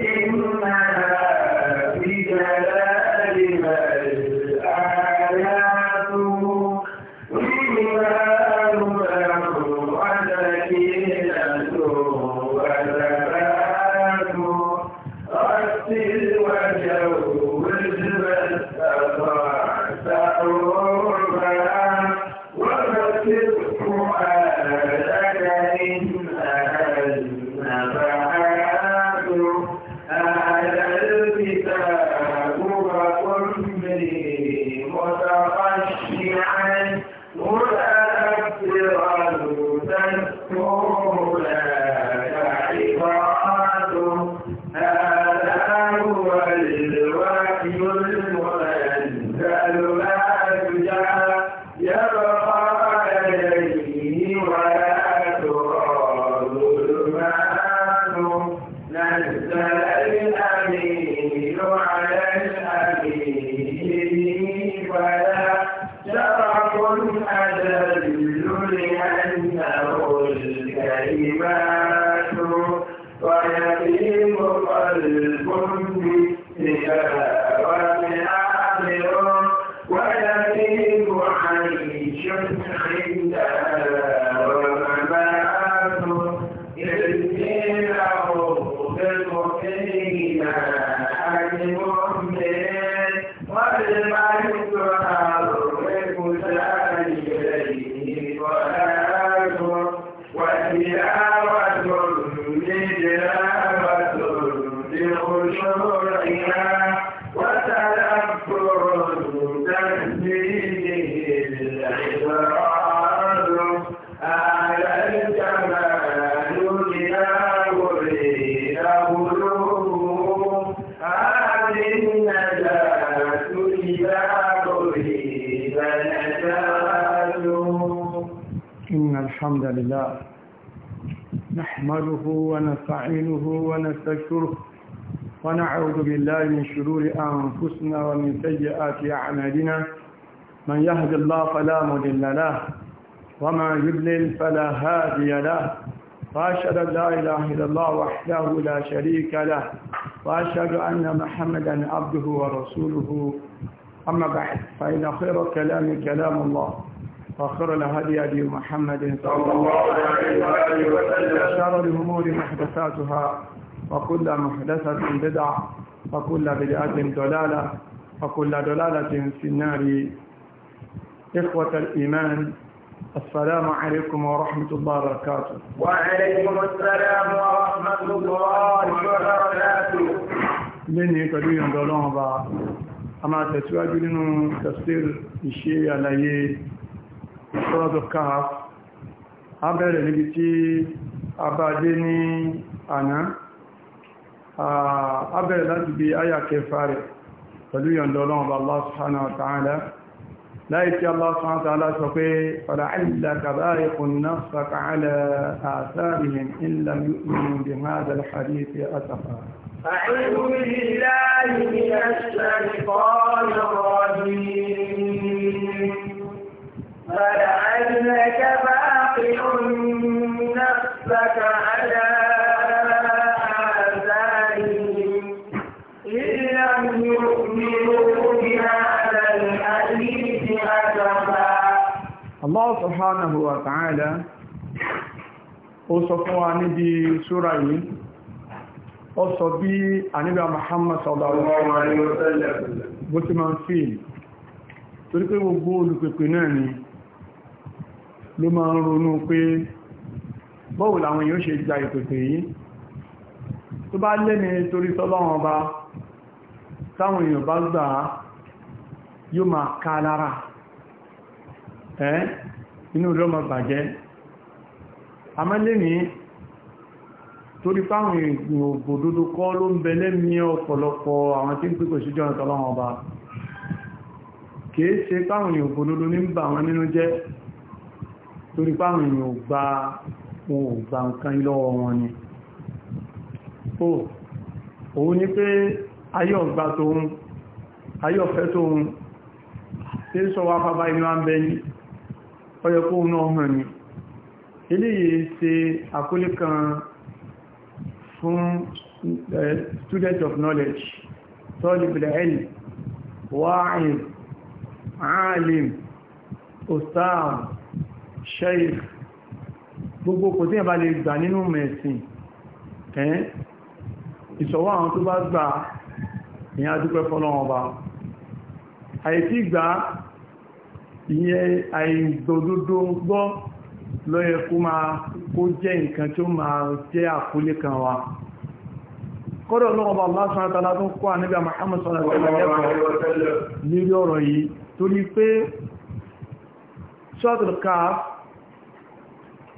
إنا في جلال نحمده ونستعينه ونستشكره ونعوذ بالله من شرور أنفسنا ومن سيئات أعمالنا من يهد الله فلا مضل له وما يضلل فلا هادي له وأشهد أن لا إله إلا الله وحده لا شريك له وأشهد أن محمدا عبده ورسوله أما بعد فإن خير الكلام كلام الله وخير الهدي أبي محمد صلى الله عليه وسلم وشر الأمور محدثاتها وكل محدثة بدعة وكل بدعة دلالة وكل دلالة في النار إخوة الإيمان السلام عليكم ورحمة الله وبركاته وعليكم السلام ورحمة الله وبركاته لن pẹ̀lú ìyọ̀ndọ̀ بعض. أما a تفسير الشيء nínú sọ́rọ̀tọ̀ káà a bẹ̀rẹ̀ níbi tí a bá dé ní àná a bẹ̀rẹ̀ láti bí ayà kẹfà rẹ̀ pẹ̀lú yọ̀ndọ̀ ọlọ́run bá فَلَعَلَّكَ بَارِقٌ نَفْسَكَ عَلَى آثَارِهِمْ إِنْ لَمْ بِهَذَا الْحَدِيثِ أَسَفًا أعوذ بالله من الشيطان الرجيم فلعلك باقع نفسك على آثارهم الله سبحانه وتعالى ó sọ fún wa níbi ṣúra yìí ó sọ bí àníbà Muhammad sallallahu alaihi wasallam bó ti máa ń fíìlì torípé gbogbo olùpèpè náà ni ló máa ń ronú pé bọ́wù làwọn èèyàn ṣe gba ìpèsè yìí tó bá lẹ́ni torí sọ́lọ́wọ́n bá táwọn èèyàn bá gbà á yóò máa ká lára ẹ́ inú rọ́mọ bàjẹ́ amẹ́lẹ́ni torí fáwọn èèyàn òbòdodo kọ́ ló ń bẹ lẹ́mí ọ̀pọ̀lọpọ̀ àwọn tí ń pípò síjọ́ kìí ṣe fáwọn èèyàn òbòdodo ní ń bà wọn nínú jẹ́ torí páwọn èèyàn ò gba wọn ò gba nǹkan lọ́wọ́ wọn ni ó òun ní pé ayé ọ̀gbà tóun ayé ọ̀fẹ́ tóun tí ń sọ wá pápá inú àbẹ́ ní ọyọ́ kó ń náà hàn ní eléyìí ṣe àkólé kan fún student of knowledge tọ́lìbìlẹ̀ ẹ̀lì wáàrin àálìm ustaz sheikh gbogbo kò tí ẹ̀bá lè gbà nínú mẹ̀sìn ẹ̀yìn ìṣọ̀wọ́ àwọn tó bá gbà ìyẹn adúpẹ́ fọ́lọ́wọ́n bá àìsí gbà ìyẹn àìdòdòdó gbọ́ lọ́yẹ kó máa kó jẹ́ nǹkan tó máa jẹ́ àkólé kan wa kọ́dọ̀ lọ́wọ́ bá lásánátàlá tó kọ́ àníbà Muhammad sallallahu alaihi wa sallam lórí ọ̀rọ̀ yìí torí pé Suratul Kahf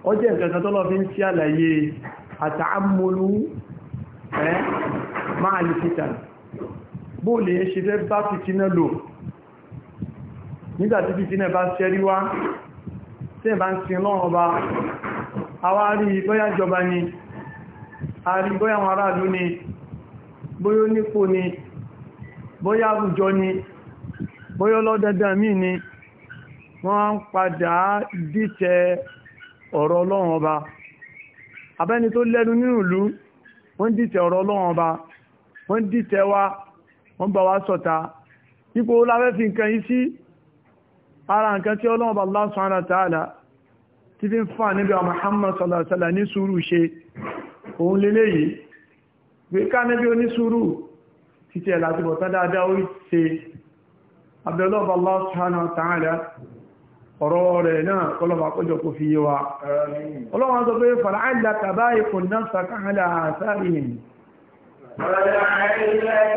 ó jẹ́ nǹkan tó lọ fi ń tí àlàyé àtàámúlú ẹ́ máa lè fìtà bóòlè ṣe fẹ́ bá fìtínà lò nígbàtí fìtínà bá ṣẹ́rí wá tí ẹ̀ bá ń sin lọ́rùn ọba àwa rí bóyá jọba ni a rí bóyá àwọn aráàlú ni bóyá onípò ni bóyá àwùjọ ni bóyá ọlọ́dẹ̀dẹ̀ míì ni wọ́n padà dìtẹ̀ ọ̀rọ̀ ọlọ́run ọba abẹ́ni tó lẹ́nu nínú ìlú wọ́n dìtẹ̀ ọ̀rọ̀ ọlọ́run ọba wọ́n dìtẹ̀ wa wọ́n bá wa sọ̀ta ipò lábẹ́ fi nǹkan yìí ara nǹkan tí ọlọ́run ọba Allah subhanahu tí fi ń fà níbi Muhammad sallallahu ṣe Allah subhanahu wa ta'ala ọ̀rọ̀ rẹ̀ náà kọlọ̀mà kọjọ kò fi yíwa ọlọ́wọ́n tó pé fàlàáìlá tàbá ikùn náà sàkáhàlà sáàrìyìn ọlọ́wọ́ bá lọ́sàn-án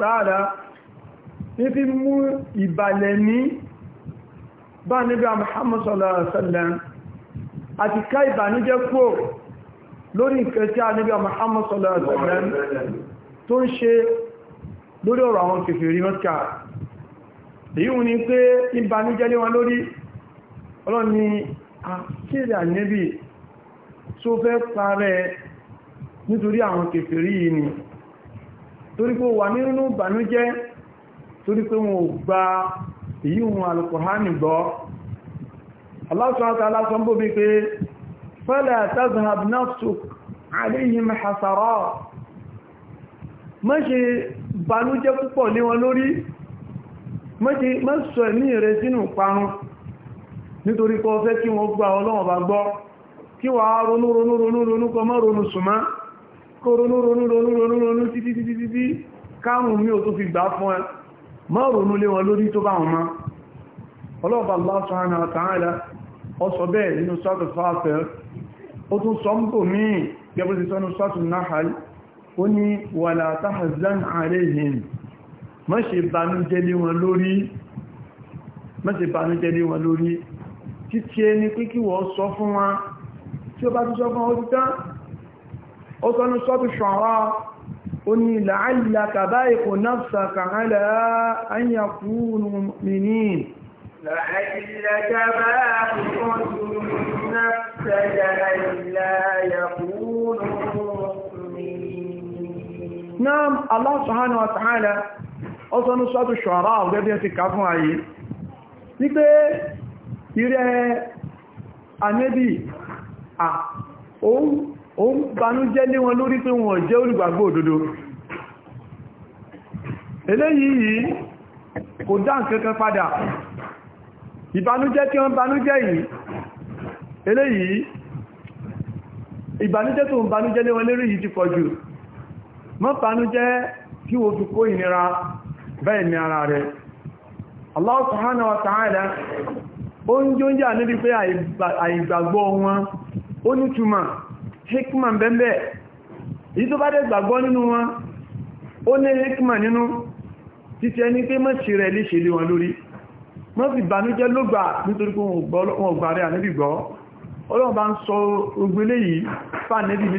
tààdá ní fi mú ìbàlẹ̀ ní bá níbi Muhammad sallallahu alaihi wasallam àti ká ìbànújẹ́ kúrò lórí nǹkan tí a níbi Muhammad sallallahu alaihi wasallam tó ń ṣe lórí ọ̀rọ̀ àwọn kèfèrí mọ́ká èyí wù ní pé ìbànújẹ́ lé wọn lórí ọlọ́ni àkírí ànẹ́bì tó fẹ́ parẹ́ nítorí èyí wọn alùkùránì gbọ́ aláṣọ́ta aláṣọ́n bó bí pé fala tazhab nafsuk alayhim hasarat má ṣe banújẹ́ púpọ̀ lé wọn lórí má sọ ní ìrẹ sínú parun nítorí kọ́ fẹ́ kí wọ́n gba Ọlọ́run bá gbọ́ kí wà á ronú ronú mọ́ ronú súnmá má ronú lé wọn lórí tó bá wọn má ọlọ́ọ̀bà Allah subhanahu wa ta'ala ọsọ bẹ́ẹ̀ nínú sọ́tù fàáfẹ́ ó tún sọ ń bò míì gẹ́bù sí sọ́nù sọ́tù Nahl ó ní wala tahzan alayhim má ó ní la'allaka ba'iqu nafsaka ala an yakunu mu'minin لعلك باقع نفسك ألا يكونوا مؤمنين نعم الله سبحانه وتعالى أصلا سورة الشعراء وقبل يتكافون عليه nípe ìrẹ́ ànẹ́bì à òun ó ń banújẹ́ lé wọn lórí pé wọ́n jẹ́ olùgbàgbọ́ òdodo eléyìí yìí kò dá nǹkankan padà ìbànújẹ́ tí wọ́n banújẹ́ yìí eléyìí ìbànújẹ́ tó ń banújẹ́ lé wọn lérí yìí ti pọ̀ jù mọ́ banújẹ́ kí wo fi kó ìnira bẹ́ẹ̀ ni ara rẹ̀ Allah subhanahu wa ta'ala ó ń jóúnjẹ́ àníbi pé àìgbàgbọ́ wọn ó nítumọ̀ hikma bẹ́m̀bẹ̀ èyí tó bá dẹ̀ gbàgbọ́ nínú wọn ó ní hikma nínú títí ẹni pé mọ́ sí rẹ̀ lè ṣe lé wọn lórí mọ́ fi bànújẹ́ ló gbà nítorí pé wọn gbà rẹ̀ ànẹ́bì gbọ́ ọlọ́run bá ń sọ ogbélé yìí fà èyí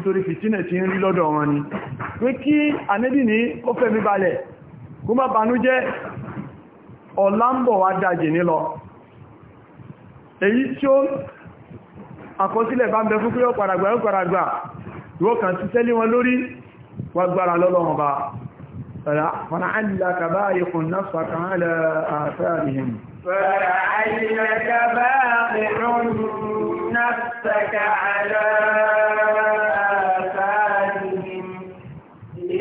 tí ó àkọsílẹ̀ bá ń bẹ fún pé ó padàgbà ó padàgbà yóò kàn ti tẹ́lé wọn lórí wà gbára lọ́lọ́wọ́n bá فلعلك بايق نفسك على آثارهم فلعلك بايق نفسك على آثارهم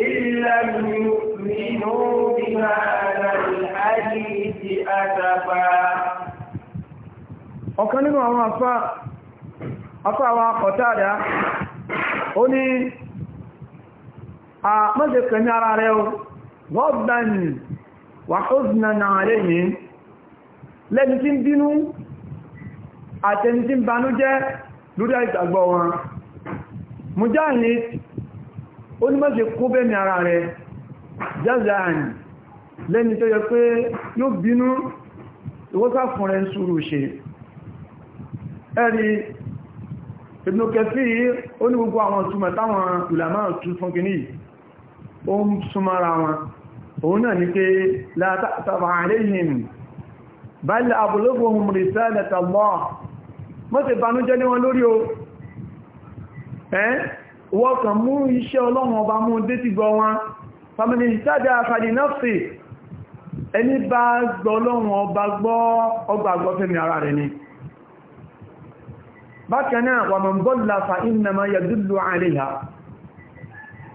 إن لم يؤمنوا بهذا الحديث ọ̀kan nínú àwọn àfáà afáwa kọ̀tàdá ó ní a mọ́jẹ̀ kẹni ara rẹ̀ gọ́ọ̀bẹ̀n wà húsnan alayhim lẹ́ni tí ń bínú àtẹni tí ń banújẹ́ lórí àìgbàgbọ́ wọn mujahid ó ní mọ́jẹ̀ kó bẹ́ni ara rẹ̀ jazaan lẹ́ni tó yẹ pé yóò bínú ìwọ́sá rẹ̀ ń súrù ṣe ẹ̀rí Ibn Kathir ó ní gbogbo àwọn túnmọ̀ táwọn ulama tún fún kì ní ó ń súnmọ́ra wọn òun náà ni pé la ta'taba alayhim bal ablughhum risalata Allah mọ́ sí banújẹ́ ní wọn lórí o ẹ́ wọ́n kàn mú iṣẹ́ ọlọ́run ọba mú dé ti gbọ́ wọn family ìsájá fàdínọ́fì ẹni bá gbọ́ ọlọ́run ọba gbọ́ ọgbàgbọ́fẹ́mi ara rẹ̀ ni bákanáà wà mọ̀ bọ́lá fa iná ma yàdúlù àríhà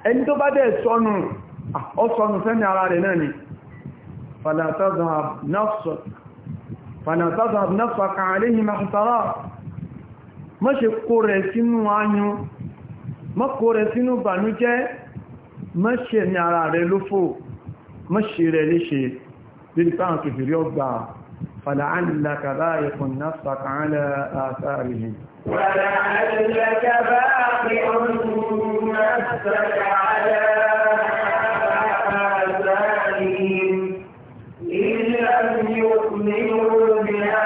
ẹni tó bá dẹ̀ sọ́nù ọ̀sọ̀nù fẹ́ ní ara rẹ̀ náà ni fanatazab nafsaka àríhì mahutara mọ́ ṣe kó rẹ̀ sínú ayún mọ́ kó rẹ̀ sínú bànújẹ́ mọ́ ṣe ní ara rẹ̀ lófò mọ́ ṣe rẹ̀ léṣe lórí pàǹkì ọgbà فلعلك بايق نفسك على آثارهم ولعلك بايق نفسك على آثارهم إن لم يؤمنوا بهذا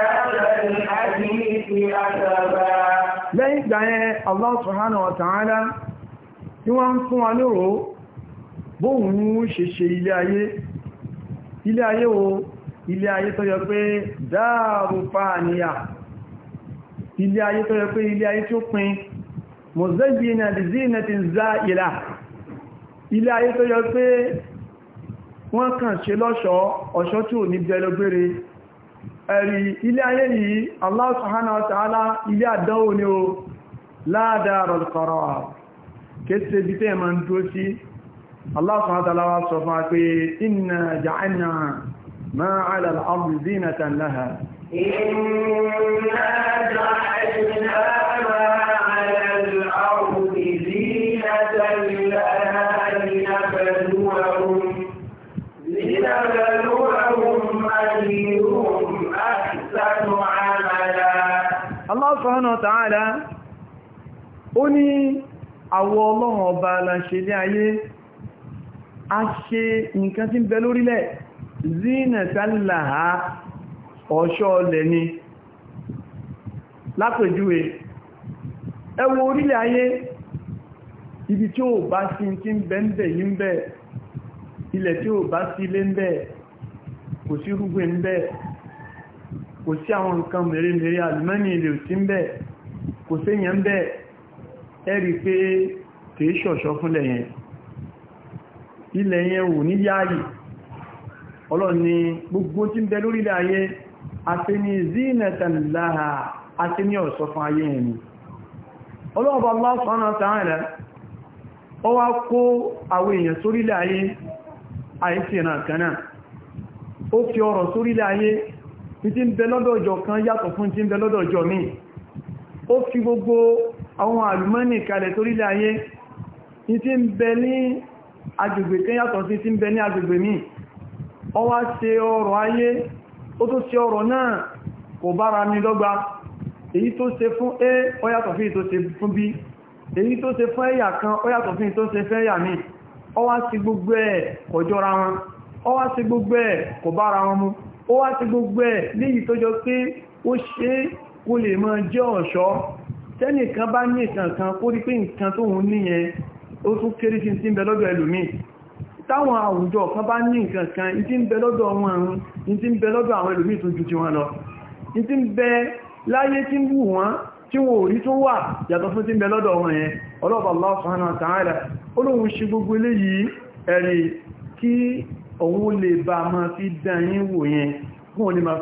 الله سبحانه وتعالى tí wọ́n ń fún wa lóró bóhun ṣe ṣe ilé ayé ilé ayé wo ilé ayé tó yẹ pé dáàrù fàníyà ilé ayé tó yẹ pé ilé ayé tó pin mọ̀zẹ́bìnà dìzínàtì zá ìlà ilé ayé tó yẹ pé wọ́n kàn ṣe lọ́ṣọ́ ọ̀ṣọ́ tí ò ní jẹ́ lọ́gbére ẹ̀rí ilé ayé yìí Allah subhanahu ما على الأرض زينة لها إنا جعلنا ما على الأرض زينة لها لنبلوهم لنبلوهم أيهم أحسن عملا الله سبحانه وتعالى ó ní àwọ ọlọ́run ọba la ṣe ní ayé a ṣe nǹkan tí ń bẹ lórílẹ̀ zínàtàlàhá ọ̀ṣọ́ ọlẹ̀ ni lápèjúwe ẹ wo orílẹ̀ ayé ibi tí ó bá sí tí ń bẹ ń bẹ yí ń bẹ ilẹ̀ tí ó bá sí ilé ń bẹ kò sí rúgbìn ń bẹ kò sí àwọn nǹkan mèremère alùmọ́nì ilẹ̀ òsí ń bẹ kò séyàn ń ẹ rí pé kìí ṣọ̀ṣọ́ fúnlẹ̀ yẹn ilẹ̀ yẹn ò ní yáàyè ọlọ́run ni gbogbo tí ń bẹ lórí ilẹ̀ ayé àti ní zinatan laha àti ní ọ̀ṣọ́ fún ayé ẹni ọlọ́run bá Allah subhanahu wa ta'ala ó wá kó àwọn èèyàn sórí ilẹ̀ ayé àìsí ẹ̀nà kan náà ó fi ọrọ̀ sórí ilẹ̀ ayé tí ń bẹ lọ́dọ̀ ọjọ́ kan yàtọ̀ fún ọ wá ṣe ọrọ̀ ayé ó tó se ọrọ̀ náà kò bára ní lọ́gba èyí tó se fún a ó yàtọ̀ fún èyí tó se fún b èyí tó se fún ẹ̀yà kan ó yàtọ̀ fún èyí tó se fún ẹ̀yà míì ọ wá sí gbogbo ẹ̀ kò jọra wọn ọ wá sí gbogbo ẹ̀ kò bára wọn mu ó wá sí gbogbo ẹ̀ léyìí tó jọ pé ó ṣe kó lè mọ jẹ́ ọ̀ṣọ́ tẹ́nìkan bá ní ìkànkan kó rí pé nǹkan tóun níyẹn ó tún kéré sí ti ń bẹ lọ́dọ̀ ẹlòmíì táwọn àwùjọ kan bá ní nǹkan kan in tí ń bẹ lọ́dọ̀ wọn àrùn in tí ń bẹ lọ́dọ̀ àwọn ẹlòmí tó ju ti wọn lọ in tí ń bẹ láyé tí ń wù wọn tí wọn ò tó wà yàtọ̀ fún tí ń bẹ lọ́dọ̀ wọn yẹn Allah subhanahu wa ta'ala olóhun ṣe gbogbo eléyìí ẹ̀rì kí òun lè bá máa fi dán yín wò yẹn fún òun lè máa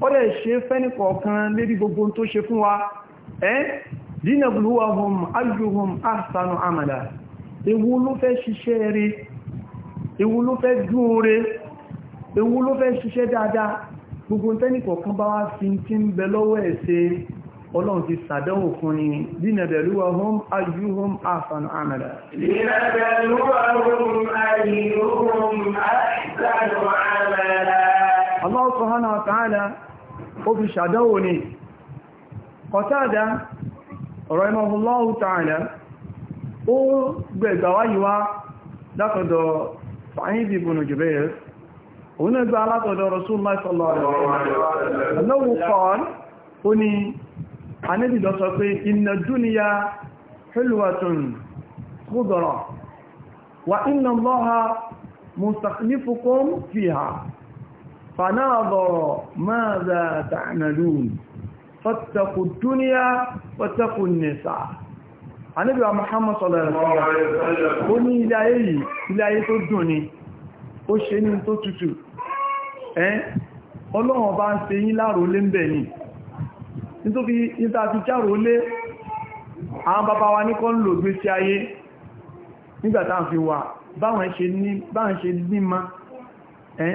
ó lè ṣe fẹ́ni kọ̀ọ̀kan lérí gbogbo tó ṣe fún wa ẹ́n dínàbùlúwàhùn ayyuhum ahsanu amala ewu ló fẹ́ ṣiṣẹ́ rí ewu ló fẹ́ dún rí ewu ló fẹ́ ṣiṣẹ́ dáadáa gbogbo tẹ́ni kọ̀ọ̀kan bá wá fi tí ń bẹ lọ́wọ́ ẹ̀ ṣe ọlọ́run Allah subhanahu wa ta'ala ó fi ṣàdánwò ní Qatada rahimahullahu ta'ala ó gbẹ̀gbà wáyíwá látọ̀dọ̀ Sa'id ibn Jubayr òun náà gbá látọ̀dọ̀ Rasulullah sallallahu alaihi wa sallam wa inna Allaha mustakhlifukum fiha فناظر ماذا تعملون فاتقوا الدنيا واتقوا النساء النبي محمد صلى الله عليه وسلم ó ní ilé ayé yìí ilé ayé tó dùn ni ó ṣe ní tó tutù ẹ́n ọlọ́run bá ń ṣe yín láàrò lé ń bẹ̀ ni nítorí níta ti járò lé àwọn bàbá wa ní kọ́ ń lò gbé sí ayé nígbàtà fi wà báwọn ṣe ní ma ẹ́n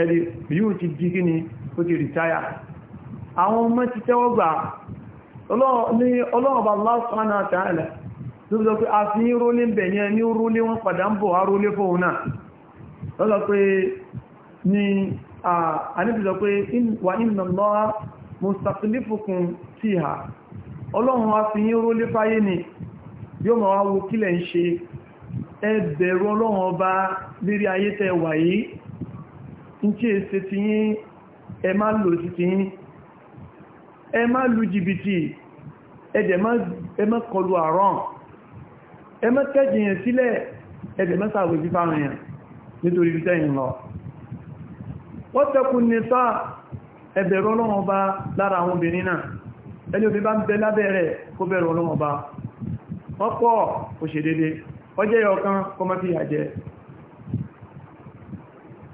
ẹ̀rí yóò ti di kí ni ó ti rìtáyà àwọn ọmọ ti tẹ́wọ́ gbà ní ọlọ́ọ̀bà lásánà tó sọ pé a fi ń bẹ̀yẹn ní padà ń bọ̀ a fóun náà yóò wá wo kílẹ̀ ń ṣe ọlọ́run ọba lérí ayé tẹ́ wà tí è ṣe ti yín ẹ má lò sí ti yín ẹ má lu jìbìtì ẹ má kọlu àrán ẹ má kẹ́jìyàn sílẹ̀ ẹ̀dẹ̀ mẹ́sàwé fífà rìnyàn nítorí bí tẹ́yìn lọ wọ́n tẹ́kùn ní sáà ẹ̀bẹ̀rọ ọlọ́wọ́n bá lára àwọn obìnrin náà ẹni obìn bá ń bẹ lábẹ́rẹ̀ kó bẹ̀rọ ọlọ́wọ́n bá wọ́n pọ̀ òṣèdédé ọjẹ́ ọ̀kan kọmọ́ fi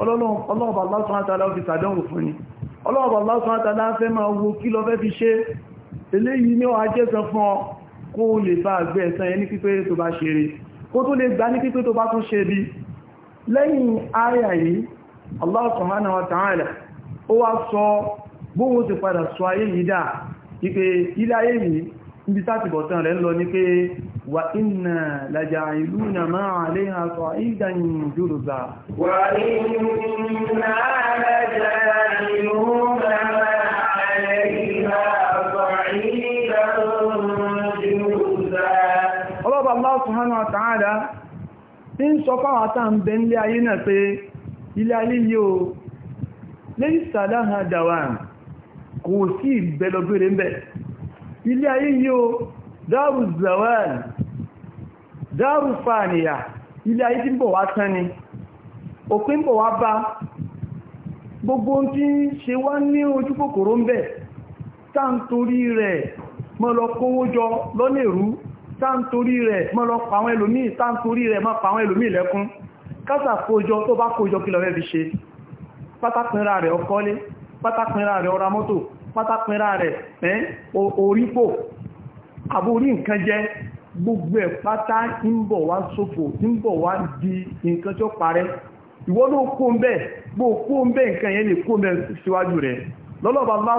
ọlọ́ọ̀bà lásán àtàlá fi sàdánwò fún ni ọlọ́ọ̀bà lásán àtàlá fẹ́ máa wo kí lọ fẹ́ fi ṣe eléyìí ní ọ̀hájẹ́sọ fún ọ kó lè bá àgbẹ́ ẹ̀sán ẹni pípé tó bá ṣe rí kó tó lè gbá ní pípé tó bá tún ṣe bí lẹ́yìn ayà yìí Allah subhanahu wa ta'ala ó wá sọ bóhun ti padà sọ ayé yìí dà wípé ilé ayé yìí níbi tátìbọ̀tán rẹ̀ ń lọ ní pé وإنا لجعلون ما عليها صعيدا جرزا وإنا لجعلون ما عليها صعيدا جرزا الله الله سبحانه وتعالى ń sọ fáwọn àtàn bẹ nílé ayé náà pé ilé ayé yíò lẹ́yìn sàdáhà dáwà kò sí ìbẹ̀lọ̀gbẹ̀rẹ̀ ń bẹ̀ ilé ayé yíò dáàrù zawal dáàrù fàníyà ilé ayé tí ń bọ̀ wá tán ni òpin bọ̀ wá bá gbogbo tí ń ṣe wá ní ojú kòkòrò ń bẹ̀ táàntorí rẹ̀ mọ́ lọ kówó jọ lọ́nà èrú táàntorí rẹ̀ mọ́ lọ pàwọn ẹlòmíì táàntorí rẹ̀ mọ́ pàwọn ẹlòmíì lẹ́kún kásà kójọ tó bá kójọ kí lọ rẹ̀ fi ṣe pátápínra rẹ̀ ọkọ́lé pátápínra rẹ̀ ọra pátápínra rẹ̀ orípò àbórí nǹkan jẹ́ gbogbo ẹ̀ pátá ń bọ̀ wá ṣòfò ń bọ̀ wá di nǹkan tó parẹ́ ìwọ ló kó ń bẹ́ bó kó nǹkan yẹn lè kó síwájú rẹ̀ lọ́lọ́bà Allah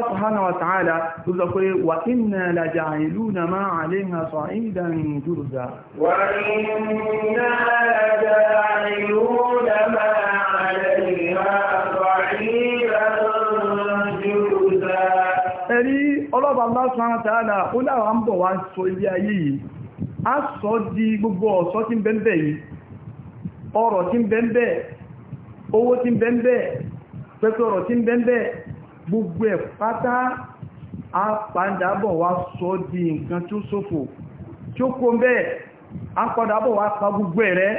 ọlọ́ọ̀bà lọ́sàn-án tààdà ó láwà ń bọ̀ wá sọ ilé ayé yìí a sọ di gbogbo ọ̀ṣọ́ tí ń bẹ́ẹ̀ yìí ọrọ̀ tí ń bẹ́ẹ̀ owó tí ń bẹ́ẹ̀ pẹ́pẹ́ ọrọ̀ tí ń bẹ́ẹ̀ gbogbo ẹ̀ pátá a wá sọ di nǹkan tó ṣòfò tí ó kó bẹ́ẹ̀ a wá pa gbogbo ẹ̀ rẹ́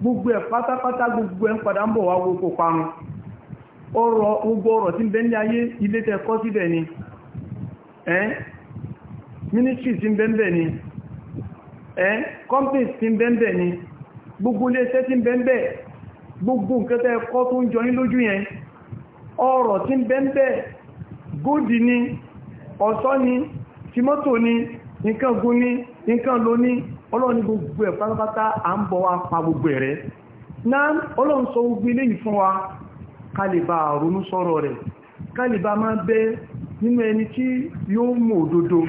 gbogbo ẹ̀ pátápátá gbogbo ẹ̀ ń padà ń bọ̀ wá gbogbo parun ọrọ̀ gbogbo ọrọ̀ tí ń bẹ́ẹ̀ ní ayé ẹ́n ministry ti ń bẹ́ẹ̀bẹ̀ ni ẹ́n companies ti ń bẹ́ẹ̀bẹ̀ ni gbogbo iléeṣẹ́ ti ń bẹ́ẹ̀bẹ̀ gbogbo nǹkan tẹ́ kọ́ tó ń jọyín lójú yẹn ọrọ̀ ti ń bẹ́ẹ̀bẹ̀ góòdì ni ọ̀ṣọ́ ni timoto ni nǹkan gun ni nǹkan lo ni ọlọ́ni gbogbo ẹ̀ pátápátá à ń bọ̀ gbogbo ẹ̀rẹ́ náà ọlọ́run sọ gbogbo eléyìí wa ronú rẹ̀ nínú ẹni tí yóò mú òdodo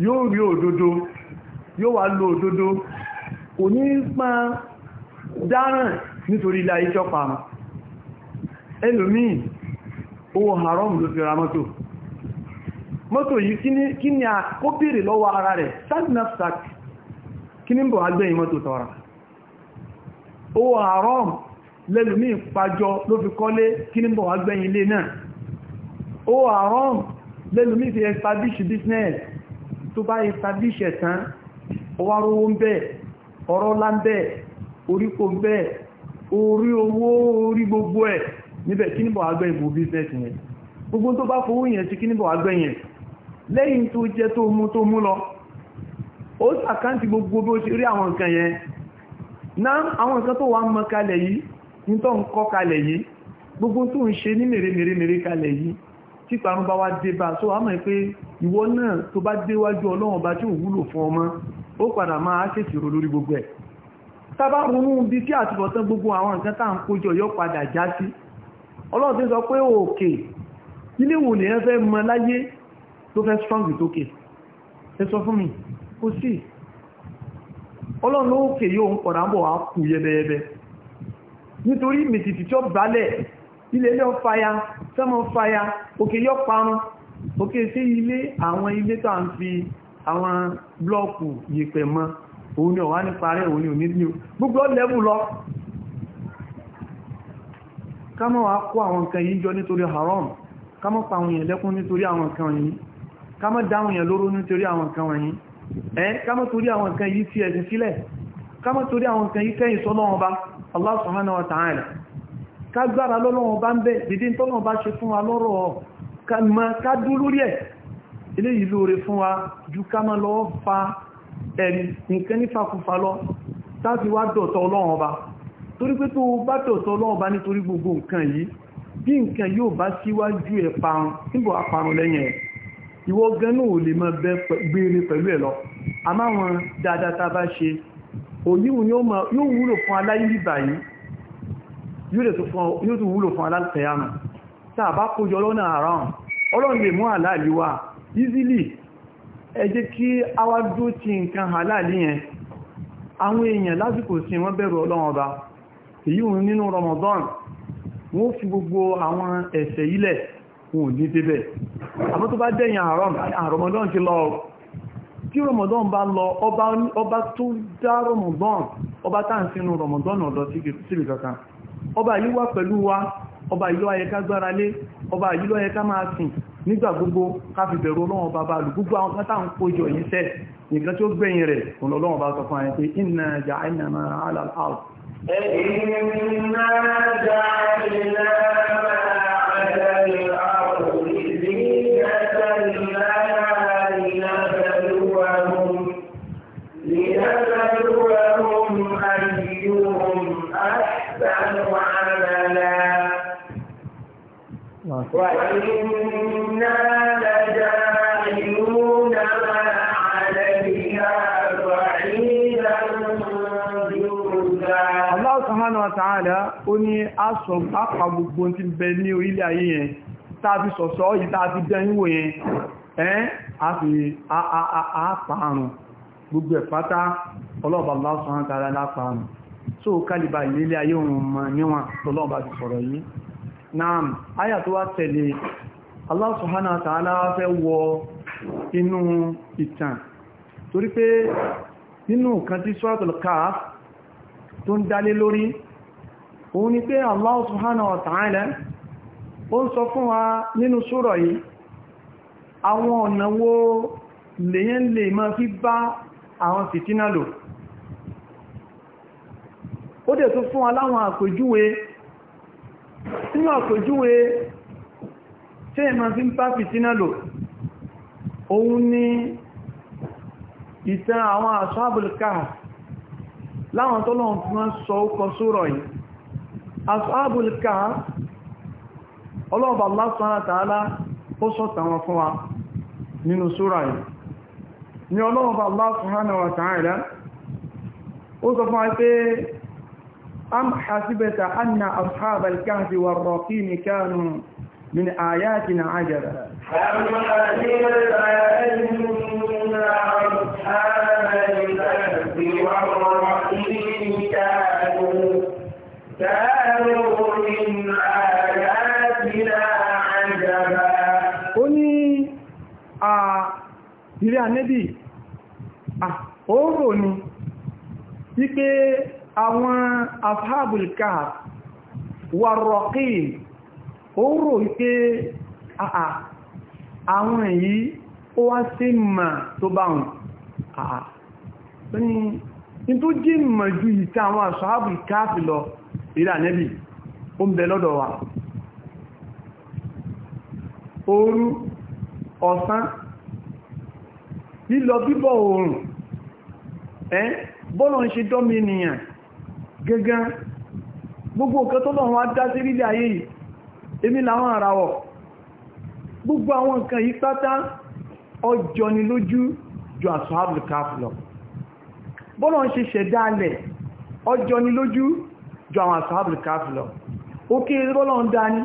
yóò rí òdodo yóò wá lo òdodo kò ní pa dáràn nítorí ilé ayé jọpa ẹlòmíì owó haram ló fi ra mọ́tò mọ́tò yìí kí ni a kó bèèrè lọ́wọ́ ara rẹ̀ sadnafsak kí ní bọ̀ agbẹ́yìn mọ́tò tọ́ra owó haram lẹ́lòmíì pàjọ ló fi kọ́lé kí ní bọ̀ agbẹ́yìn ilé náà o àrọ́m lẹ́nu mí fi establish business tó bá establish ẹ̀tán ọwá ń bẹ́ ọ̀rọ̀ ńlá ń ń bẹ́ orí owó orí gbogbo ẹ̀ níbẹ̀ kí níbọ̀ ìbò gbogbo tó bá fowó yẹn sí kí níbọ̀ yẹn lẹ́yìn tó tó mú tó mú lọ ó sàkántì gbogbo tí parun bá wá dé bá so a mọ̀ pé ìwọ náà tó bá déwájú ọlọ́run bá tí ò wúlò fún ọmọ ó padà máa ṣèṣirò lórí gbogbo ẹ̀ tábà ronú bí tí àtúbọ̀tán gbogbo àwọn nǹkan tá ń kójọ yọ padà já sí ọlọ́run ti sọ pé strong tókè ẹ mi kò sí ọlọ́run òkè yóò ń padà bọ̀ wá ilé ilé ń fàyà sọ́mọ̀ ń fàyà òkè yọ parun òkè sí ilé àwọn ilé tó ń fi àwọn blọ́ọ̀kù ní òun ni òní gbogbo lẹ́bù lọ kámọ́ wa kó àwọn nǹkan yìí jọ nítorí haram kámọ́ pa àwọn èèyàn lẹ́kún nítorí àwọn nǹkan yìí kámọ́ dáwọn èèyàn lóró nítorí àwọn nǹkan wọ̀nyí ẹ́ kámọ́ torí àwọn nǹkan yìí fi ẹ̀sìn sílẹ̀ kámọ́ torí àwọn nǹkan yìí kẹ́yìn sọ́lọ́wọ́n Allah subhanahu wa kágbára lọ́lọ́wọ́ bá ń bẹ́ dìdí tọ́lọ́ bá ṣe fún wa lọ́rọ̀ ma ká dú lórí ẹ̀ ilé ìlú rẹ̀ fún wa ju ká má lọ fa ẹ̀rì nǹkan nífàkúfà lọ láti wá dọ̀tọ̀ ọlọ́wọ́ bá torí pé tó bá dọ̀tọ̀ ọlọ́wọ́ bá nítorí gbogbo nǹkan yìí bí nǹkan yóò bá síwájú ẹ̀ parun níbọ̀ aparun lẹ́yìn ẹ̀ ìwọ gan náà ò lè máa bẹ yóò tún wúlò fún aláàtẹ̀yàmù tàà bá kójọ lọ́nà àrán ọlọ́run lè mú àláàlì wá easily ẹ jẹ́ kí awájú ti nǹkan àláàlì yẹn àwọn èèyàn lásìkò sí wọ́n bẹ̀rù ọlọ́run ọba èyí òun Ramadan wọ́n fi gbogbo ile. lọ ọba ọba yìí wà pẹ̀lú wa ọba yìí ló gbára lé ọba yìí ló máa sìn nígbà gbogbo ká fi bẹ̀rù bá lù gbogbo àwọn kátà ń kójọ yìí sẹ́ nìkan tí ó gbẹ̀yìn rẹ̀ ọlọ́run ọba sọ fún pé ta'ala ó ní aṣọ pápá gbogbo tí bẹ ní orílẹ̀ ayé yẹn tàbí sọ̀sọ́ yìí tàbí dẹ́yìnwò yẹn ẹ́n a fi àpààrùn gbogbo ẹ̀pátá ọlọ́ọ̀bà lásán tó ayé òun mọ̀ níwọ̀n tọ́lọ́ọ̀bà ti sọ̀rọ̀ yìí naam ayà tó wá tẹ̀lé Allah subhanahu wa ta'ala fẹ́ wọ inú ìtàn torí pé nínú kan tí suratul Kahf tó ń dálé lórí òun ni pé Allah subhanahu wa ta'ala ó ń sọ fún wa nínú súrà yìí àwọn ọ̀nà wo lèyẹn lè máa fi bá àwọn fìtínà lò ó dẹ̀ tó fún wa láwọn àpèjúwe nínú àpèjúwe tí fi ń fìtínà lò òun ni àwọn láwọn tọ́lọ̀un tí wọ́n sọ ọkọ̀ sórọ̀ yìí ọlọ́ọ̀bà ó fún wa nínú sórọ̀ yìí ni ọlọ́ọ̀bà ó sọ fún wa pé أم حسبت أن أصحاب الكهف والرقيم كانوا من آياتنا عجبا أم حسبت أن أصحاب الكهف والرقيم كانوا كانوا من آياتنا عجبا أني آه يا نبي آه أوروني wípé àwọn afábùlkà warraqim ó rò wípé àà àwọn èyí ó wá sí mà tó bá wọn àà tó ní in tó jí mà ju ìta àwọn afábùlkà fi lọ ìrà nẹ́bì ó ń bẹ lọ́dọ̀ wa òru ọ̀sán lílọ bíbọ̀ oòrùn ẹ́ bọ́lọ̀ ń ṣe dọ́mìnìyàn gẹ́gẹ́ gbogbo nǹkan tó lọ́wọ́ dá sí rílẹ̀ ayé yìí èmi làwọn àràwọ̀ gbogbo àwọn nǹkan yìí pátá ọjọ́ ni lójú ju ashabul kaf lọ bọ́lọ̀ ń ṣe ṣẹ̀dá alẹ̀ ọjọ́ ni lójú ju àwọn ashabul kaf lọ òkè bọ́lọ̀ ń dání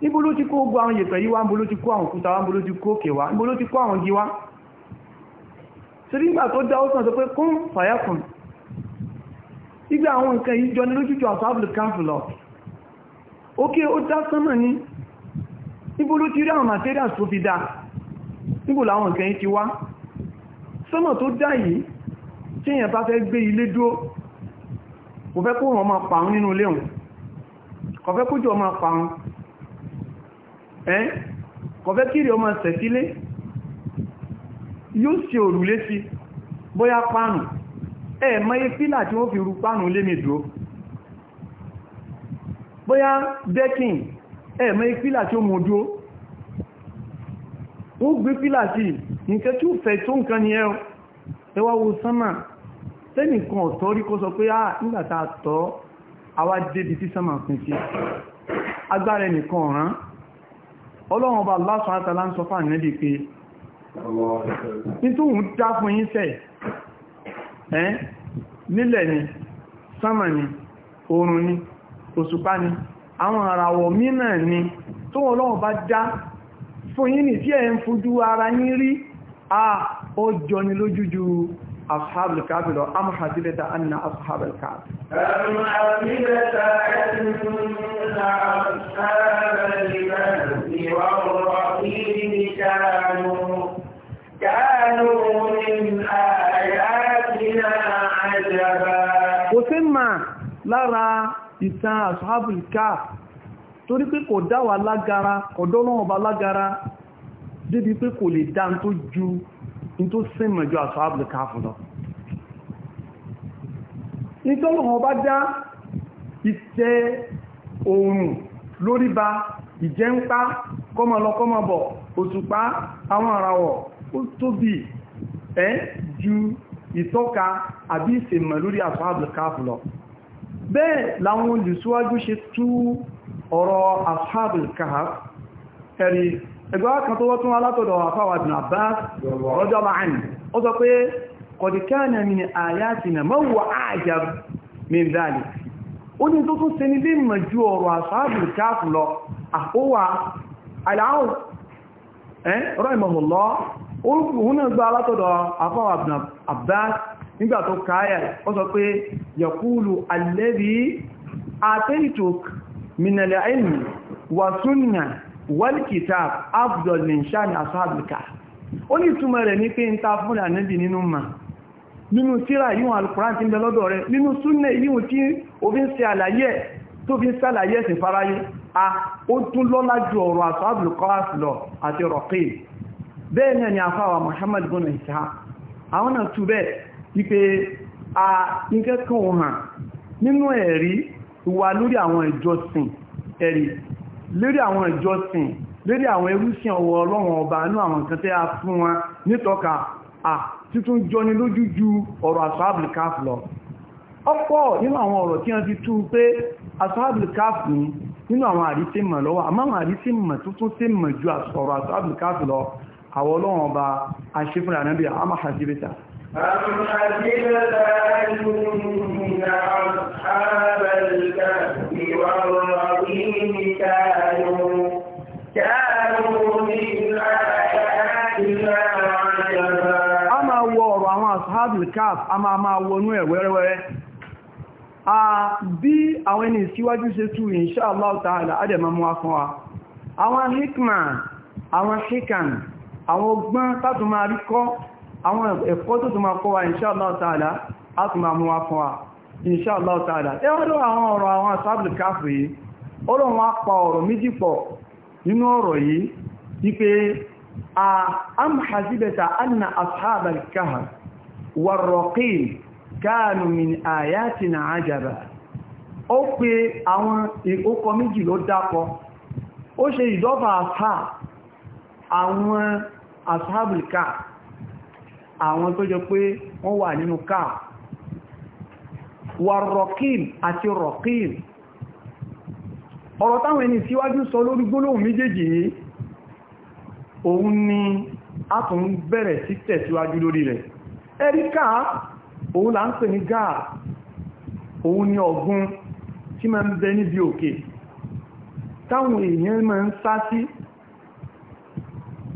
níbo ló ti kó gbọ́ àwọn yẹ̀pẹ̀ yíwá níbo ti kó àwọn òkúta wá níbo ti kó òkè wá ti kó àwọn gíwá torí nígbà tó dá ó sàn sọ pé kún fàyàkùn igbe àwọn nǹkan yìí jọ ní lójújù àsáàbùlù káàfù lọ ókè ó dá sánmà ní níbo ló ti rí àwọn materials tó fi dá níbo láwọn nǹkan yìí ti wá sánmà tó dá yìí tí èyàn bá fẹ́ gbé ilé dúó kò fẹ́ kó wọn máa pàun nínú ilé wọn kò fẹ́ kójò máa pàun ẹ́ kò fẹ́ kiri ọmọ sẹ̀sílé yóò ṣe òrùlé sí bóyá páànù ẹ̀mọ́ ìfílà tí wọ́n fi rú pánù lé mi dúró bóyá dẹ́kìn ẹ̀mọ́ ìfílà tí ó mú dúró ó gbé fílà sí nǹkan tí ó fẹ́ tó nǹkan ni ẹ́ ẹwà wo sánmà tẹ́nìkan ọ̀tọ́ rí kọ́ sọ pé á nígbàtà tọ́ àwá débi tí sánmà pín sí agbára ẹnìkan ọ̀ràn ọlọ́run ọba lásán àtàlá ń sọ fà nílẹ̀ pé nítorí dá fún yín ẹ́n nílẹ̀ ni sánmà ni oòrùn ni òṣùpá ni àwọn àràwọ̀ mìíràn ni tó wọ́n lọ́wọ́ bá já fún yín ní tí ẹ̀ ń fojú ara yín rí a ọjọ́ ni lójújú أصحاب الكعب لو أم ya fi mà lára ìtàn ashabul kahf torí pé kò dá lágara ọ̀dọ́ náà ọba lágara débi pé kò lè dá tó ju tó sínmọ̀ ju ashabul kahf lọ nítorí wọn bá dá ìtẹ́ oòrùn lórí ba ìjẹ́ ń kọmọlọkọmọbọ̀ àwọn àràwọ̀ ó tóbi ẹ́ ju ìtọ́ka àbí ìsìnmọ̀ lórí ashabul káàfù lọ bẹ́ẹ̀ láwọn olùsíwájú ṣe tú ọ̀rọ̀ ashabul káàfù ẹ̀rí ẹgbẹ́ kan tó wọ́n tún alátọ̀dọ̀ àfáwà ibn Abbas radiyallahu anhu ó sọ pé qad kana min ayatina ma huwa a'jab min dhalik ó ní tó tún ṣe ní ọ̀rọ̀ ashabul òun náà gba alátọ̀dọ̀ afọ́wà Abbas nígbà tó káyà ó sọ pé yaqulu alladhi ataytuk min al-ilmi wa sunna wal kitab afdal min shani ashabika ó ní ìtumọ̀ rẹ̀ ní pé ń ta fún ànábì nínú ma a ó tún lọ́lá ju ọ̀rọ̀ àṣọ́ àbùlùkọ́ àṣìlọ àti bẹ́ẹ̀ náà ni àfáwà Muhammad bin Isa àwọn náà tú bẹ́ẹ̀ a nǹkan hàn nínú ẹ̀rí wà lórí àwọn ìjọsìn ẹ̀rí lórí àwọn ìjọsìn lórí àwọn ẹrúsìn ọwọ́ ọlọ́run ọba ní àwọn nǹkan tẹ́ a fún wa nítọ́ka à títún jọni lójú ju ọ̀rọ̀ asáàbìlìkáf lọ ọ̀pọ̀ nínú àwọn ọ̀rọ̀ tí wọ́n ti tú pé asáàbìlìkáf ní nínú àwọn àrísí mọ̀ lọ́wọ́ àmáwọn àrísí mọ̀ tuntun sí mọ̀ ju ọ̀rọ̀ asáàbìlìkáf lọ àwọn ọlọ́run ọba aṣífúnra náà bí i àmà àjíbẹ̀ta a máa wọ ọ̀rọ̀ àwọn ashabul a máa máa wọnú ẹ̀ wẹ́rẹ́wẹ́rẹ́ bí àwọn ẹni síwájú ṣe tú insha Allah ta'ala adẹ̀mọ́mọ́ àwọn hikman àwọn hikman àwọn ọgbọ́n tátún máa rí kọ́ àwọn ẹ̀kọ́ tó máa kọ́ wa insha Allah ta'ala máa mú wa fún wa insha Allah ta'ala ẹwọ́dọ̀ àwọn ọ̀rọ̀ àwọn asábìlì káfì yìí ọ̀rọ̀ wọn pa ọ̀rọ̀ méjì pọ̀ nínú ọ̀rọ̀ yìí wípé a ajaba ṣe ìdọ́fà àwọn ashabul káà àwọn tó jọ pé wọ́n wà nínú káà wà rọ̀kín àti rọ̀kín ọ̀rọ̀ táwọn ẹni síwájú sọ lórí gbólóhùn méjèèjì òun ni a tún bẹ̀rẹ̀ sí tẹ̀síwájú lórí rẹ̀ ẹ̀ríkà òun là ń pè ní gáà òun ni ọ̀gùn tí ma ń bẹ níbi òkè táwọn èèyàn ma ń sá sí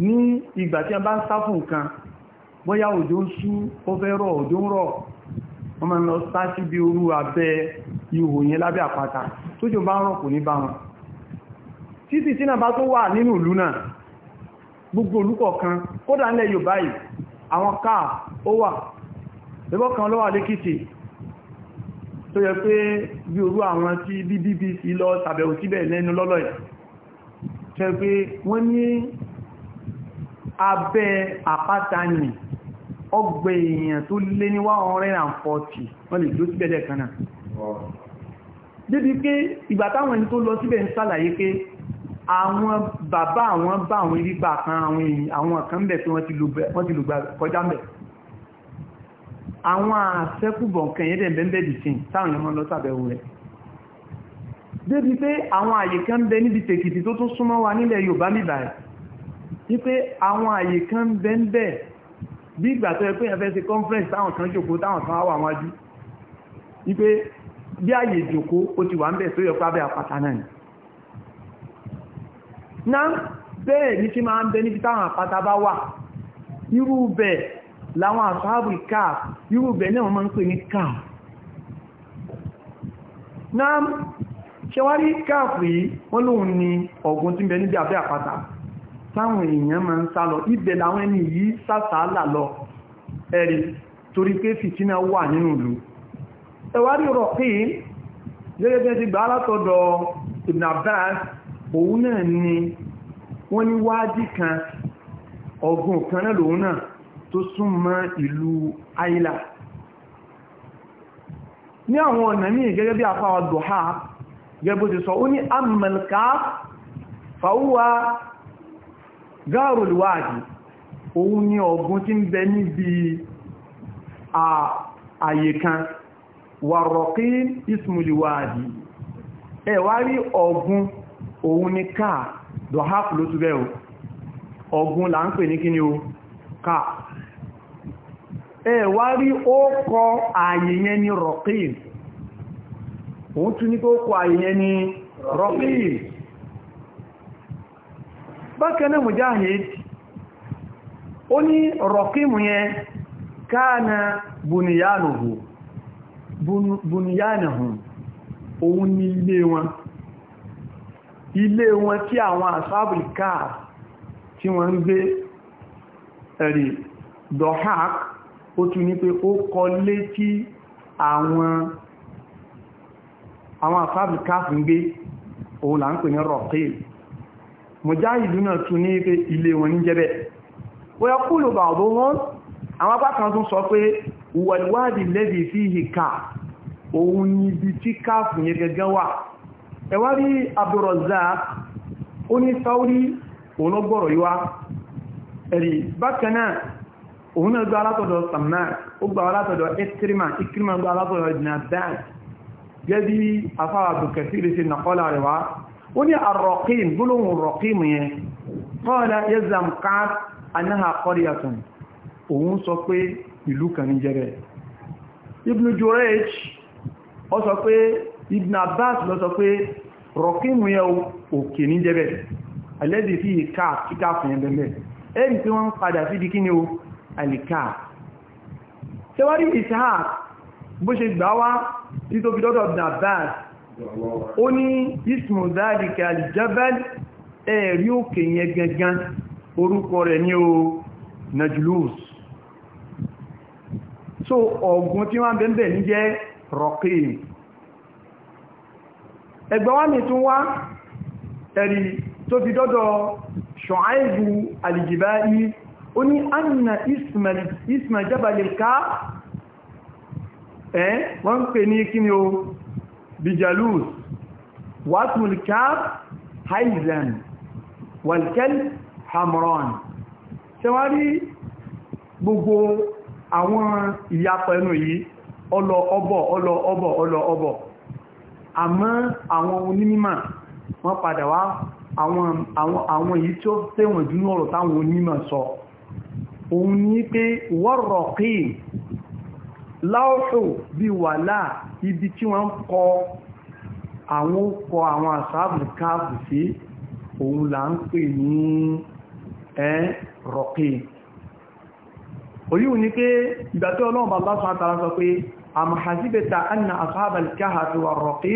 ní ìgbà tí a bá ń sá fún nǹkan bóyá òjò ń sú ó fẹ́ rọ̀ òjò ń rọ̀ wọ́n máa ń lọ sá sí bí orú abẹ́ ihò yẹn lábẹ́ àpáta tó jò bá ń rọ̀ kò ní bá wọn títí tí náà bá tó wà nínú ìlú náà gbogbo olúkọ̀ kan kódà nílẹ̀ Yorùbá yìí àwọn káà ó wà ẹgbọ́ kan lọ́wà lékìtì tó yẹ pé bí orú àwọn tí bbc lọ tàbẹ̀wò síbẹ̀ lẹ́nu lọ́lọ́ yìí tẹ́ pé wọ́n ní abẹ́ àpáta nì ọgbẹ̀ èèyàn tó lé ní 140 wọ́n lè jó síbẹ̀ lẹ́ẹ̀kan náà débi pé ìgbà táwọn ẹni tó lọ síbẹ̀ ń sàlàyé pé àwọn bàbá àwọn bá àwọn irígbà kan àwọn èèyàn àwọn kan bẹ̀ tí wọ́n ti lùgbà kọjá mẹ́ àwọn àṣẹ́kùbọ̀ nǹkan yẹ́dẹ̀ bẹ́ẹ̀bẹ́ dìtín táwọn ẹmọ wípé àwọn àyè kan bẹ́ ń bẹ̀ bí ìgbà tó yẹ pé ẹ̀fẹ́ ṣe conference táwọn kan jòkó táwọn kan wà wájú wípé bí àyè jòkó ó ti wà ń bẹ̀ tó yẹ pábẹ́ àpáta náà ni náà bẹ́ẹ̀ ní kí máa ń bẹ níbi ṣẹwárí káàfù yìí wọ́n lóun ni ọ̀gùn tí ń bẹ níbi àbẹ́ àpáta táwọn èèyàn máa ń sá lọ ibẹ̀ làwọn ẹni yìí sásàálà lọ ẹ̀rí torí pé fìtínà wà nínú ìlú ẹwárí rọ̀ pé gẹ́gẹ́gẹ́ ti gbà látọ̀dọ̀ Ibn ni wọ́n ní wájí kan ọgbọ̀n kan náà lòun náà tó súnmọ́ àwọn ọ̀nà ní gẹ́gẹ́ bí afáwà dùhá gẹ́gbó ti sọ ó ní amẹ́lká fàúwà gáàrùn òun ni ọ̀gùn tí ń bẹ níbi ààyè kan wàrọ̀kí ismuliwadi ẹ̀wà rí ọ̀gùn òun ni káà dọ̀hápù ló túbẹ̀ o ọ̀gùn là ń pè ní kíni o káà ni rọ̀kí òun tún ní kó ni rọ̀kí bákanáà mujahid ó ní rọ̀kímù yẹn káàna bùnìyànùhù òun ni ilé wọn ilé wọn tí àwọn àsábìlìkà tí wọ́n ń gbé ẹ̀rì dọ̀hák ó tún ní pé ó kọ létí àwọn àwọn fún gbé òun là ń pè ní rọ̀kímù mọ̀jáìlú náà tún ní pé ilé wọn ní jẹ́bẹ̀ wọ́n kúrò bà ọ̀bọ̀ wọn àwọn apá kan tún sọ pé wọ̀lúwádìí lẹ́bí sí ìhìká òun ni ibi tí káàfù yẹ gẹ́gẹ́ wà ẹwà rí abúrọ̀zá ó ní sáórí òun ọgbọ̀rọ̀ yíwá ẹ̀rì bákanáà òun náà gba ó ní gbólóhùn rọ̀kín yẹn kọ́ọ̀lá yẹ́zàm káà anáhà kọ́ríyàtùn òun sọ pé ìlú kan ní jẹ́rẹ̀ ibn Jurayj ọ sọ pé ibn Abbas ló sọ pé rọ̀kín yẹn òkè ní jẹ́rẹ̀ alẹ́dì fi ìka kíkà ó ní ismu dhalika al-jabal ẹ̀rí òkè yẹn gangan orúkọ rẹ̀ ní o najlus so ọ̀gùn tí wọ́n bẹ̀ẹ̀ ní jẹ́ rọ̀kìm ẹgbẹ̀ wá ní tún wá ẹ̀rí tó fi dọ́dọ̀ ṣọ̀áìbù alìjìbáyí ó ní anna isma jabalil ká ẹ́ wọ́n ń pè ní kíni o بجلوس واسم الكاف حيزا والكلب حمران ṣẹwárí gbogbo àwọn ìyapọ̀ ẹnu yìí ọlọ ọbọ̀ ọlọ ọbọ̀ ọlọ ọbọ̀ àmọ́ àwọn onímọ̀ wọ́n padà wá àwọn èyí tí ó tẹ́wọ̀n jù lọ́rọ̀ táwọn onímọ̀ sọ òun ní pé wọ́rọ̀ kí láọ́sọ̀ bí wà láà ibi tí wọ́n ń kọ àwọn kọ àwọn àṣàbù káàbù sí òun là ń pè ní ẹ́ rọ̀kì oríhùn ní pé ìgbà tí ọlọ́run bàbá sọ àtàrà sọ pé àmàhàzíbẹ̀ta anna àṣàbà káàbù wà rọ̀kì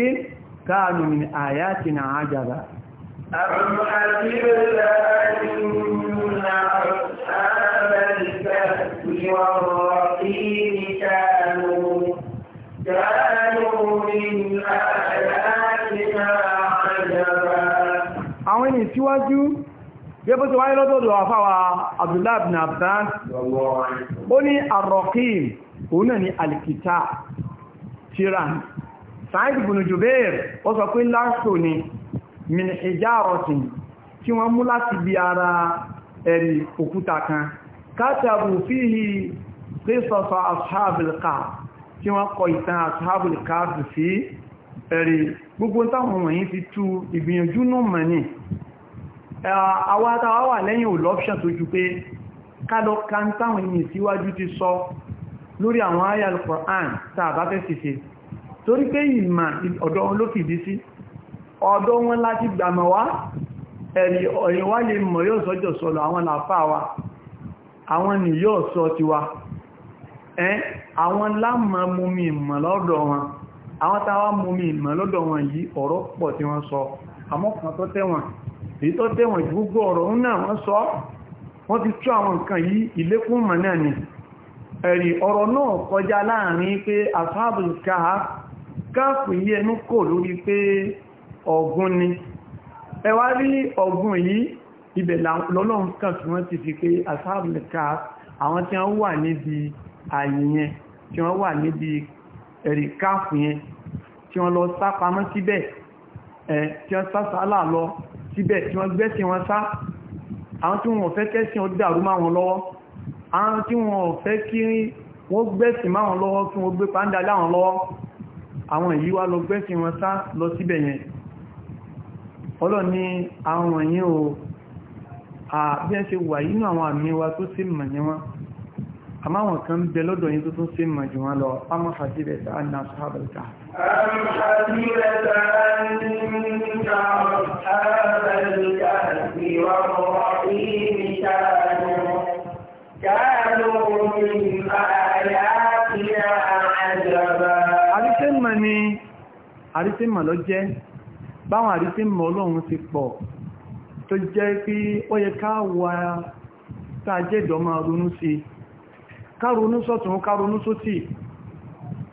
káàlù min àyàtìna àjàbà أم حسبت أن أصحاب síwájú gẹ́bọ́ ti wáyé lọ́tọ̀dọ̀ àfáwà Abdullah ibn Abbas ó ní arraqim òun náà ni alìkìtà tíra min hijaratin tí wọ́n mú láti bí ara kan katabu fihi qisas ashabil kahf tí wọ́n kọ ìtàn ashabil kahf sí ẹ̀rì gbogbo táwọn wọ̀nyí ti tú ìgbìyànjú náà mọ̀ Eh, àwọn àtàwà wà lẹ́yìn ò lọ́pṣàn tó ju pé kálọ káńtáwọn èyàn síwájú ti sọ lórí àwọn àyà Al-Qur'an tàbá fẹ́ fèsè torí pé ìmà ọ̀dọ̀ wọn ló fìdí sí ọ̀dọ̀ wọn láti gbàmọ̀ wá ẹ̀rì ọ̀yẹ̀wá lè mọ̀ yóò sọ́jọ̀ sọ́lọ̀ àwọn làfáà wa àwọn ni yóò sọ tiwa ẹ́n àwọn lámà múmi ìmọ̀ lọ́dọ̀ wọn àwọn táwà múmi ìmọ̀ lọ́dọ̀ wọn yìí ọ̀rọ̀ pọ̀ tí wọ́n sọ àmọ́kàn tó tẹ́wọ̀n èyí tó tẹ́wọ̀n ìgbogbo ọ̀rọ̀ ń náà wọ́n sọ wọ́n ti tú àwọn nǹkan yìí ìlékún mọ̀ náà ni ẹ̀rì ọ̀rọ̀ náà kọjá láàrin pé asáàbùl káà yí ẹnu kò lórí pé ọ̀gùn ni ẹ wá rí ọ̀gùn yìí ibẹ̀ lọ́lọ́run kan tí wọ́n ti fi pé asáàbùl káà àwọn tí wọ́n wà níbi àyè yẹn tí wọ́n wà níbi ẹ̀rì síbẹ̀ tí wọ́n gbẹ́sìn wọn sá àwọn tí wọ́n fẹ́ kẹ́sìn ó dàrú máa wọn lọ́wọ́ àwọn tí wọ́n fẹ́ kí wọ́n gbẹ́sìn máa wọn lọ́wọ́ fún ogbé pàndà láwọn lọ́wọ́ àwọn èyí wá lọ gbẹ́sìn wọn sá lọ síbẹ̀ yẹn ọlọ́ni àwọn wa àmá wọn kan bẹ lọ́dọ̀ yìí tó tún sí mọ̀ jù wọn lọ àmọ́ fàjílẹ̀ tàà ní àṣàbàlìkà àrísẹ́mọ̀ ni àrísẹ́mọ̀ lọ jẹ́ báwọn àrísẹ́mọ̀ ọlọ́run ti pọ̀ tó jẹ́ pé ó yẹ ká wà tàjẹ́dọ̀ máa ronú sí i káronú sọ́tún káronú tí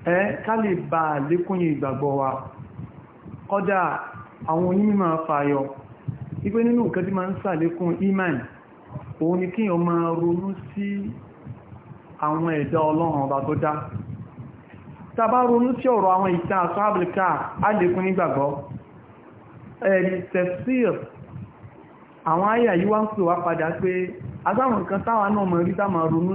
ẹ ká lè bá lékún ìgbàgbọ́ wa kọ́dá àwọn onímọ̀ fàyọ ipé nínú nǹkan tí ma ń sàlékún iman òun ni kíyàn máa ronú sí àwọn ẹ̀dá ọlọ́run ọba tó dá tàbá ronú sí ọ̀rọ̀ àwọn ìta àwọn ayà yíwá ń pè wá padà pé agbáwọn nǹkan náà mọ̀ rí tá ronú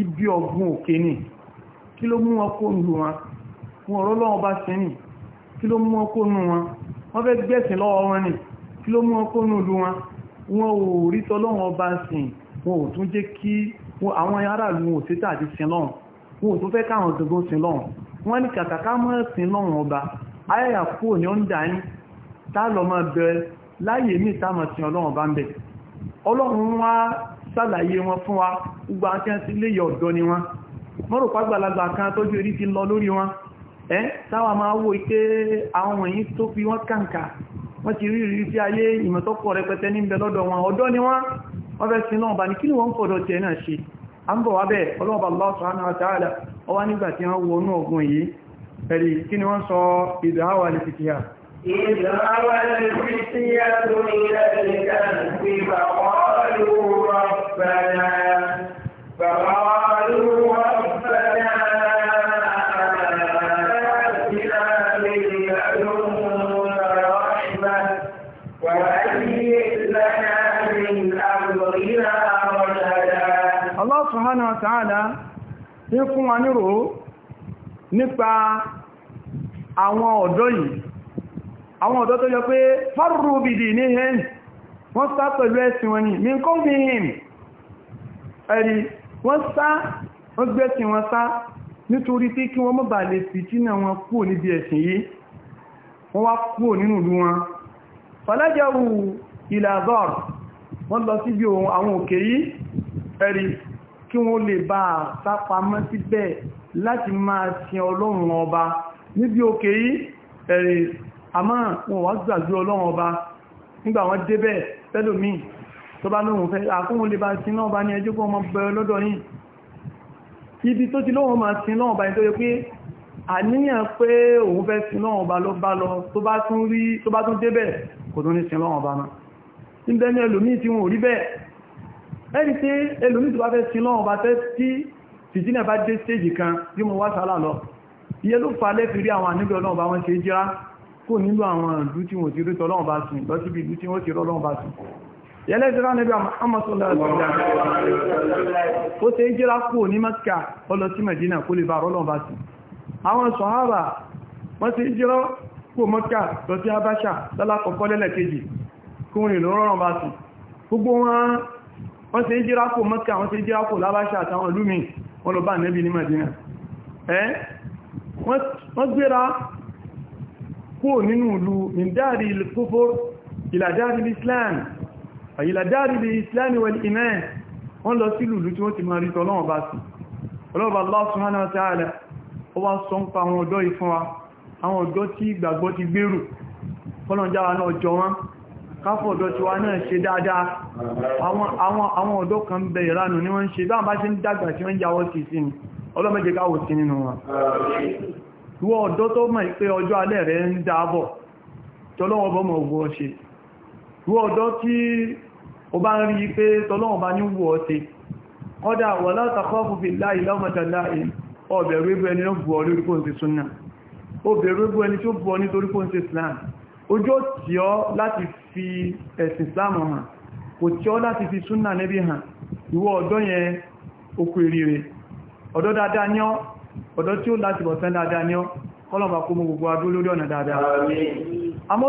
ibi ọ̀gbun òkè ní kí ló mú wọn kó lù wọn wọn ọ̀rọ̀ lọ́wọ́ bá ṣe ní kí ló mú wọn kó nù wọn wọ́n fẹ́ gbẹ̀sìn lọ́wọ́ wọn ní kí ló mú wọn kó nù lù wọn wọn ò rí tọ́lọ́wọ́ bá sìn wọn ò tún jẹ́ kí àwọn aráàlú wọn ò sí tàbí sin lọ́wọ́ wọn ò tún fẹ́ káwọn gbogbo sin lọ́wọ́ wọ́n ní kàkàká mọ́ sin lọ́wọ́ ọba ayẹyà kúrò ní ó ń tá lọ bẹ láyé ní ìtàmọ̀ sin ọlọ́wọ́ bá ń bẹ̀ ọlọ́run wá sàlàyé wọn fún wa gbogbo àti àti yọ ọ̀dọ́ ni wọn mọ́rùn pàgbàlagbà kan tójú orí ti lọ lórí wọn ẹ́ sáwà máa wó ike àwọn tó fi wọ́n kàǹkà wọ́n ti rí ìrírí sí ayé ìmọ̀tọ́kọ̀ rẹpẹtẹ ní ìbẹ̀lọ́dọ̀ wọn ọ̀dọ́ ni wọ́n wọ́n fẹ́ sí náà bá ní kí ni wọ́n a ń ní fún wa nírò nípa àwọn ọ̀dọ́ yìí àwọn ọ̀dọ́ tó yọ pé fárúrú bìdì ní hẹ́n wọ́n sá pẹ̀lú ẹ̀sìn wọn ni mi kọ́ fi hìn ẹ̀rí wọ́n sá wọ́n gbẹ́sìn wọn sá nítorí pé kí wọ́n mọ́ bà lè fi jìnnà wọn kúrò níbi ẹ̀sìn yìí wọ́n wá kúrò nínú ìlú wọn fọ́lájẹ́wù ìlàdọ́r wọ́n lọ sí bí àwọn òkè yìí ẹ̀rí kí wọ́n lè bá sápamọ́ síbẹ̀ láti máa sin ọlọ́run ọba níbi òkè yìí ẹ̀rí àmọ́ wọn wá gbàgbé ọlọ́run ọba nígbà wọ́n débẹ̀ tẹ́lòmíì tó bá lóhun fẹ́ àkóhun lè bá sin náà bá ní ẹjọ́ pé ọmọ bẹ̀rẹ̀ lọ́dọ̀ yìí ibi tó ti lóhun máa sin náà bá ní tó yẹ pé àníyàn pé òun fẹ́ sin náà bá lọ bá lọ tó bá tún rí tó bá tún débẹ̀ kò tún ní sin náà bá náà níbẹ̀ ní ẹlòmí tí wọn ò rí bẹ́ẹ̀ ẹni tí ẹlòmí tó bá fẹ́ sin náà bá fẹ́ tí fìtínà bá dé stéèjì kan bí mo wá sálà lọ iye ló fa lẹ́fi rí àwọn àníbẹ̀ ọlọ́run bá wọ́n ṣe jẹ́ kó nílò àwọn ìlú tí wọ́n ti rí tọ́lọ́run bá sùn lọ ìlú tí wọ́n ti rọ́lọ́run bá sùn yẹlẹ́ ìjọra níbi Muhammad sallallahu alaihi wasallam ó ṣe ìjọra kú ní Mẹ́kà ọlọ sí Mẹ́dínà kó lè bá rọ́lọ́ bá sí àwọn sọ̀hábà wọ́n ṣe ìjọra kú Mẹ́kà lọ sí Habasha lọ́lákọ̀ọ́kọ́ lẹ́lẹ̀kejì kún rìn lọ́rọ̀ bá sí gbogbo wọn wọ́n ṣe ìjọra kú Mẹ́kà wọ́n ṣe ìjọra kú àyílà dáàrí islami wal iman wọ́n lọ sí lùlú tí wọ́n ti máa rí tọ́lọ́wọ́ bá sí ọlọ́ọ̀bá Allah subhanahu wa ta'ala ó wá sọ ń pa wa àwọn ọ̀dọ́ tí ìgbàgbọ́ ti gbèrú kọ́lọ̀jára náà jọ wọ́n káfọ̀dọ̀ tí wá náà ṣe dáadáa àwọn ọ̀dọ́ kan bẹ ìranù ní wọ́n ń ṣe bá bá ṣe ń dàgbà tí wọ́n yàwó sí sí ni ọlọ́mẹ́jẹ káwò sí nínú wọn wọ́n ọ̀dọ́ tó mọ̀ pé ọjọ́ alẹ́ rẹ̀ ń dáàbọ̀ ó bá ń rí pé tọ́lọ́wọ́n bá ní wù ọ́ ti kọ́dà wà látàkọ́fù fi láì lọ́mọ̀tàlá Islam kò lati fi ọ̀dọ́ yẹn dáadáa ní ọ ọ̀dọ́ tí ó láti bọ̀ sán dáadáa ní ọ kọ́lọ̀bà kó mú gbogbo adó lórí ọ̀nà dáadáa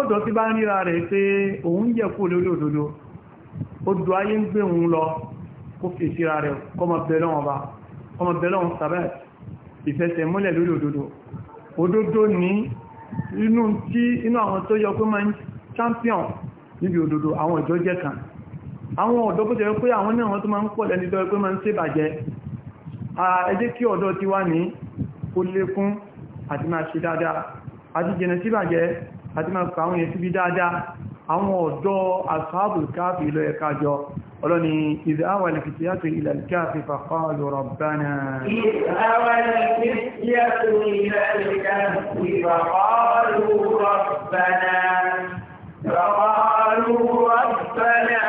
ọ̀dọ́ tí bá ń ríra rẹ̀ òun odò ayé ń gbé òun lọ kó fi síra rẹ̀ kọmọ bẹ̀rẹ̀ wọn bá kọmọ bẹ̀rẹ̀ wọn sàbẹ̀ ìfẹsẹ̀ múlẹ̀ lórí òdodo òdodo ní inú tí inú àwọn tó yọ pé máa ń champion níbi òdodo àwọn ìjọ jẹ́ kan àwọn ọ̀dọ́ kó tẹ̀wé pé àwọn ní àwọn tó máa ń pọ̀ lẹ́ni tọ́ pé máa ń ṣèbàjẹ́ ẹ jẹ́ kí ọ̀dọ́ ti wá ní kó lékún àti máa ṣe dáadáa àti jẹ̀nà síbàjẹ́ àti máa fà àwọn èèyàn dáadáa àwọn ọ̀dọ́ asáàbù káàfì ilẹ̀ ẹ̀kájọ ọlọ́ni ìdí àwọn alìkìtíyàtò ilẹ̀ káàfì fàkọ́lù rọ̀bánà فقالوا ربنا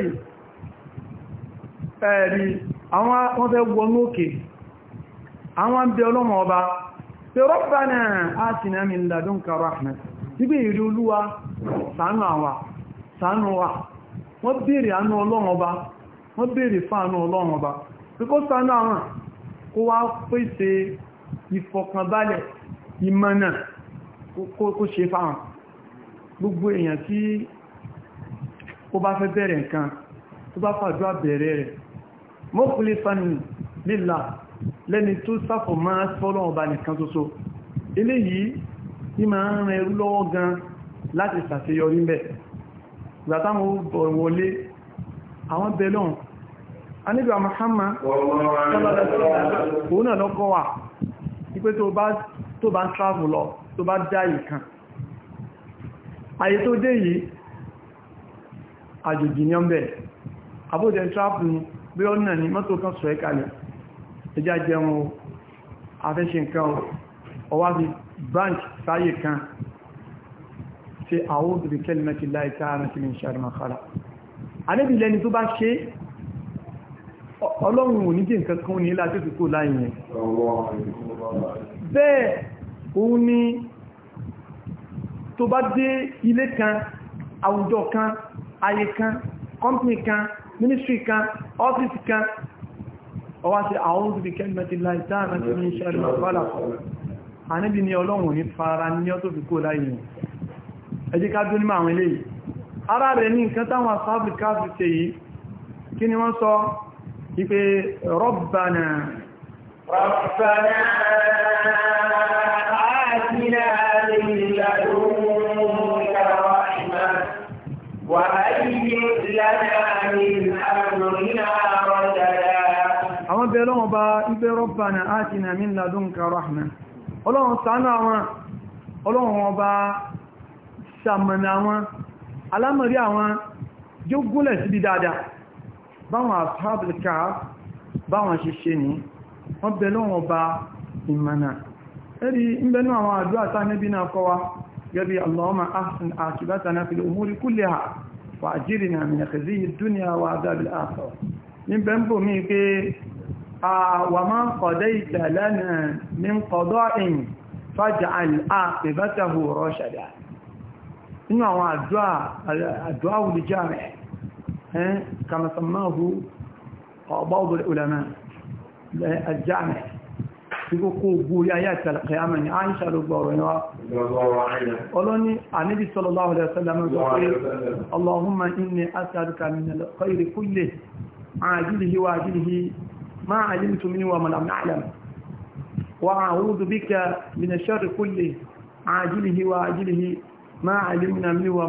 yìí ẹ̀rí àwọn wọ́n fẹ́ wọnú àwọn bẹ ọlọ́mọ ọba pé rọ́pàá náà á ti mi làdún kàrọ àmì sígbé ìrí olúwa ṣàánú àwa ṣàánú wa wọ́n bèèrè àánú ọlọ́run wọ́n bèèrè fáànú ọlọ́run àwọn kó wá pèsè ìmọ̀nà kó ṣe fáwọn gbogbo èèyàn tí ó bá fẹ́ bẹ̀rẹ̀ nǹkan tó bá fàájú àbẹ̀rẹ̀ rẹ̀ mọ́kúlé fani lílà lẹ́ni tó sáfọ̀ máa sọ́lọ́ ọba nìkan tó so ilé yìí tí máa ń rẹ lọ́wọ́ gan láti ṣàṣeyọrí mẹ́ gbàtàmù wọlé àwọn belon anígbà Muhammad òun náà lọ́kọ́ wà wípé tó bá ń travel lọ tó bá dá ìkan àyè tó dé yìí àjòjì ní ọmọ àbójẹ tráàpù ní bí ó nà ní mọ́tò kan sọ ẹ́kàlẹ̀ ẹjá jẹun o afẹ́ṣẹ́ nǹkan o ọwá fi branch sáyé kan tí àwọn obìnrin kẹlìmẹ́tì láìka àrẹ́sìlẹ̀ ìṣàrìmọ̀kára alébìlẹ́ni tó bá ṣe ọlọ́run ò láì àwùjọ kan ayé kan kọ́mpìnì kan mínísírì kan ọ́fíìsì kan ọwá sí àwọn òbí kẹ́mẹ́tì láìsá àti ní iṣẹ́ rẹ̀ fọ́lá àníbi ni ọlọ́run ní fara ní ọ́ tó fi kó láyé ẹ ká dún ní àwọn eléyìí ara rẹ̀ ní nǹkan táwọn sáfíkà fi ṣe yìí kí ni wọ́n sọ ipe rọ́bànà ربنا àwọn bẹ̀rẹ̀ lọ́wọ́ bá ibẹ̀ rọ́bàna àti nà min ladunka rahma ọlọ́run ṣàánú àwọn ọlọ́run ọba ṣàmọ̀nà àwọn alámọ̀rí àwọn jẹ́ gúnlẹ̀ sí dáadáa báwọn àpáàbìlìkà báwọn ṣiṣẹ́ ní wọ́n bẹ̀rẹ̀ lọ́wọ́ bá ìmọ̀nà ẹ̀rí ìbẹ̀nú وأجرنا من خزي الدنيا وعذاب الآخرة من بنبو ميكي آه وما قضيت لنا من قضاء فاجعل عاقبته رشدا إنه هو الدعاء الدعاء للجامع كما سماه بعض العلماء الجامع tí kó kó gbórí ayé àtàlẹ̀kẹ́ àmà ní àìṣà ló gbọ́ ọ̀rọ̀ yíwá ọlọ́ni àníbi sallallahu alaihi wasallam sọ pé allahumma inni as'aluka min al-khayri kullihi ajilihi wa ajilihi ma alimtu minhu wa ma lam a'lam wa a'udhu bika min ash-sharri kullihi ajilihi wa ajilihi ma alimna minhu wa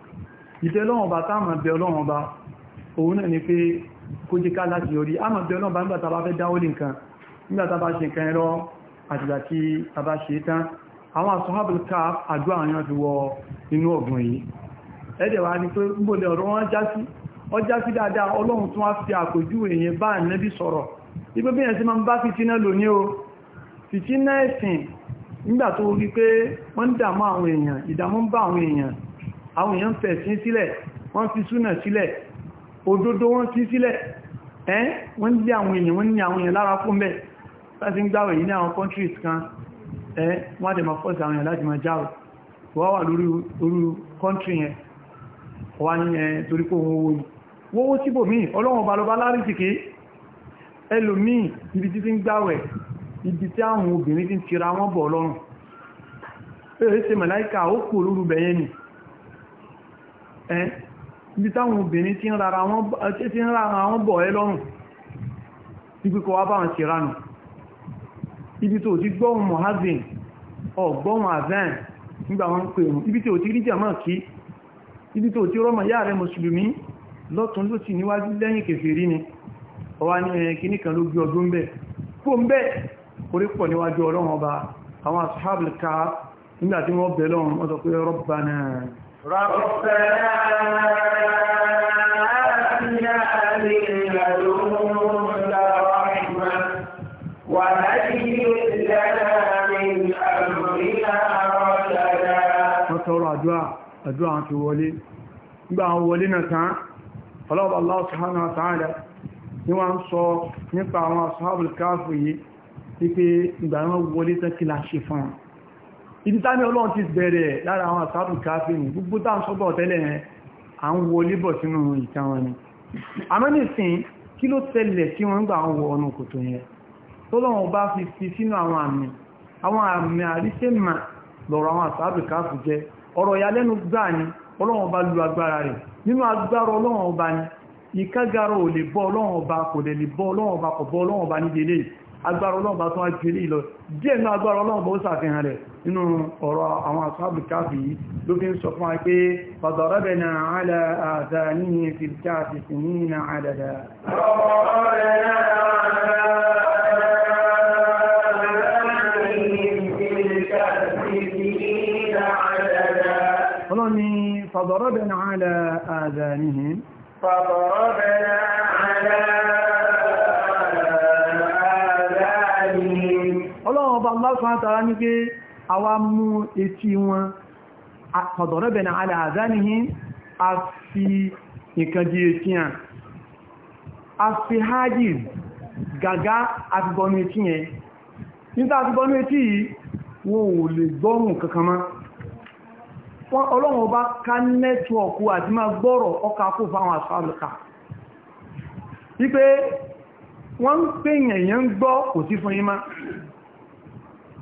ìtẹ́lọ́wọ̀n bá táàmà bẹ ọlọ́wọ̀n bá òun náà ni pé kó jí ká láti orí a máa bẹ ọlọ́wọ̀n bá nígbàtà bá fẹ́ dáwọ́lì nǹkan nígbàtà bá ṣe nǹkan ẹ̀rọ àtìgbà tí a bá ṣe tán àwọn asọ́hábùlùká àjọ àyàn fi wọ inú ọ̀gbùn yìí ẹ̀dẹ̀ wá ní pé gbòlẹ̀ ọ̀rọ̀ wọn jásí ọ nígbà tó rí pé wọ́n ń àwọn èèyàn ìdààmú bá àwọn èèyàn àwọn èèyàn fẹ̀sìn sílẹ̀ wọ́n fi súnà sílẹ̀ òdodo wọ́n sí sílẹ̀ ẹ́ wọ́n lé àwọn èèyàn wọ́n ní àwọn èèyàn lára fún bẹ́ láti ń gbáwẹ̀ yìí ní àwọn countries kan ẹ́ wọ́n dẹ̀ ma fọ́sí àwọn èèyàn láti ma jáwẹ̀ wọ́n wà lórí country yẹn wà ní ẹ̀ torí kó wọ́n wọ́n wọ́n wọ́n síbò míì ọlọ́wọ́n bá lọ́bá lárí sì ké ẹlòmíì ibi tí ń gbáwẹ̀ ibi tí àwọn obìnrin ẹ́ ibi táwọn obìnrin ti ń rara àwọn bọ̀ ẹ́ lọ́rùn ìgbìkọ̀ wá báwọn ti ránù ibi tó ti gbọ́hùn mohazin ọgbọ́hùn azen nígbà wọn pè rùn ibi tó ti rí jàmá kí ibi tó ti rọ́mọ̀ yá rẹ̀ mùsùlùmí lọ́tún ló ti níwájú lẹ́yìn kèfèrí ni ọwá ní ẹ̀kíní kan ló gbé ọdún bẹ́ẹ̀ kó ń bẹ́ẹ̀ orí pọ̀ níwájú ọlọ́run ọba àwọn ashabul kahf nígbà tí wọ́n bẹ̀ lọ́run wọ́n sọ pé rabbana ربنا آتنا من لدنك رحمة وهيئ لنا من أمرنا رشدا. وترى أدعاء أدعاء تولي nígbà àwọn wọlé náà tán ọlọ́bà Allah subhanahu wa ta'ala ní wọ́n ń sọ nípa àwọn ashabul kahf yìí wípé ìgbà wọn wọlé tán kí láṣe fún wọn ibi táàmì ọlọ́run ti bẹ̀rẹ̀ lára àwọn àtàbù káfíìnì gbogbo tá ń sọ́bọ̀ tẹ́lẹ̀ ẹ̀ à sínú ìtàn wọn ni àmọ́nìsìn kí ló tẹ́lẹ̀ tí wọ́n ń gbà wọ ọ̀nà kòtò yẹn tọ́lọ́run bá fi fi sínú àwọn àmì àwọn àmì àríṣẹ́mà lọ̀rọ̀ àwọn àtàbù káfù jẹ́ ọ̀rọ̀ ìyàlẹ́nu gbà ni ọlọ́run bá lu agbára rẹ̀ nínú agbára ọlọ́run ọba ni ìkágara ò agbára ọlọ́ọ̀bá tó wá jẹ́ ilọ̀ díẹ̀ náà agbára ọlọ́ọ̀bá ó sàfihàn rẹ̀ nínú ọ̀rọ̀ àwọn asábì káàfì ló fi ń sọ fún àpé fàdọ̀rọ̀bẹ̀nà àlẹ́ àdáníyẹ fi káàfì sí ní ìnà àdàdà ọlọ́ni fàdọ̀rọ̀bẹ̀nà àlẹ́ àdáníyẹ fàdọ̀rọ̀bẹ̀nà àlẹ́ aláàsánátàrá ní pé mú etí wọn a fi nǹkan di etí hàn a fi hajji gàgá àti bọnú etí yẹn nígbà àti bọnú etí yìí wọn ò lè gbọ́rùn eti yi ọlọ́run bá ká nẹ́tíwọ̀kú àti máa gbọ́rọ̀ ọkà kó fáwọn àṣàlùkà wípé wọ́n ń pè gbọ́ kò sí fún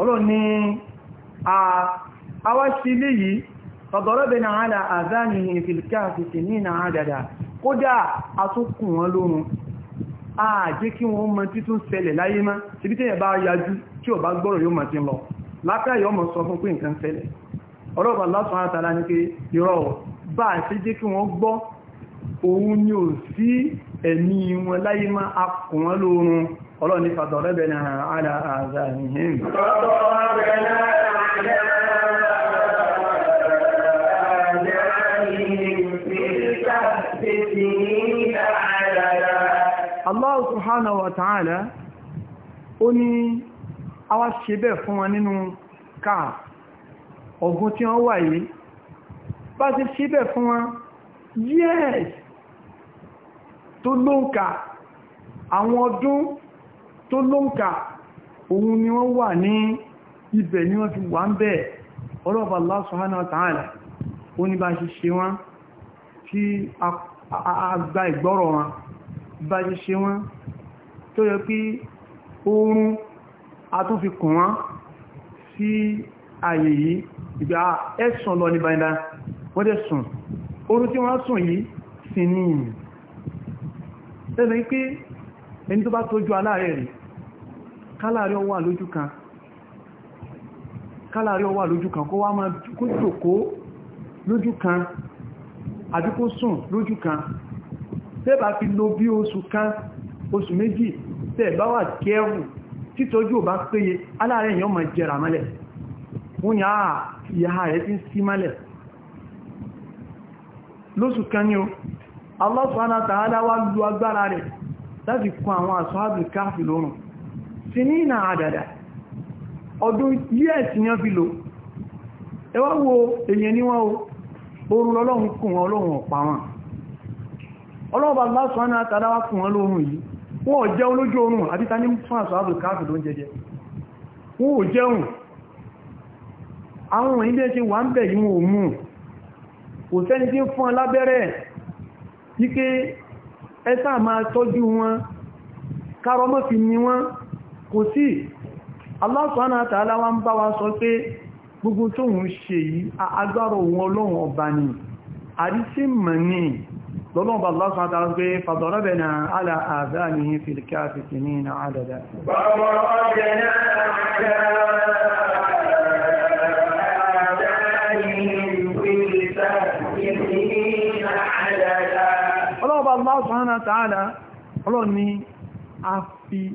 ọlọ́run ní àwáṣí ilé yìí ọ̀dọ̀rọ̀bẹ̀ náà àdá àzáni ìfìlìkà àfìsì ní ìnà àdàdà kódà àtúnkùn wọn lórun ààjẹ́ kí wọ́n mọ títún ṣẹlẹ̀ láyé má síbí tí ẹ̀bá yajú tí ò ti bá kí ọlọ́ni fàtọ̀rẹ́bẹ̀nà àlà àzàmìhìn Allah subhanahu wa ta'ala ó ní a wá ṣe bẹ́ fún wa nínú káà ọ̀gùn tí wọ́n wà yìí bá ti ṣe bẹ́ fún wa yes tó lóǹkà àwọn ọdún tó lóǹkà òun ni wọ́n wà ní ibẹ̀ ni wọ́n ti wà ń bẹ̀ ọlọ́ọ̀bà Allah subhanahu wa ta'ala ó ní bá ṣe ṣe wọ́n tí a gba ìgbọ́rọ̀ wọn bá ṣe ṣe wọ́n tó yẹ pé oorun a tún fi kùn wọ́n sí ààyè yìí ìgbà ẹ̀sùn lọ ní báyìí wọ́n dẹ̀ sùn oorun tí wọ́n sùn yìí sì ní ìrìn ẹni tó bá tọ́jú aláàrẹ̀ rẹ̀ kálàrí ọwà lójú kan waa kan kó wá máa kó jòkó lójú kan àbí kó sùn lójú kan tẹ́bà fi lo bí oṣù kan oṣù méjì tẹ́ẹ̀bá wà kẹ́ẹ̀rù títọ́jú ò bá péye aláàrẹ̀ èèyàn máa jẹrà mọ́lẹ̀ wọ́n ni àà rẹ̀ ń sí lóṣù kan o Allah subhanahu wa wá lu agbára rẹ̀ láti kún àwọn àṣọ́ àbìkáàfì lórùn sinina àdàdà ọdún us ni wọ́n fi lò ẹ wo èyàn wọ́n o oorun ọlọ́run kùn wọn ọlọ́run ọ̀pá wọn ọlọ́run bá bá sọ́nà àtàdáwà kùn wọn lóòrùn yìí wọ́n jẹ́ jẹun oorun ta ní fún àṣọ àbùkáàfì kò sí Allah subhanahu wa ta'ala ń bá wa sọ pé gbogbo tó ń ṣe yìí agbára òun ọlọ́run ọba ni àdísí mọ̀ ní lọ́lọ́ọ̀bà Allah subhanahu wa ta'ala pé fadarabna ala adhanihim fil kahfi sinina Allah subhanahu wa ta'ala ọlọ́ ni a fi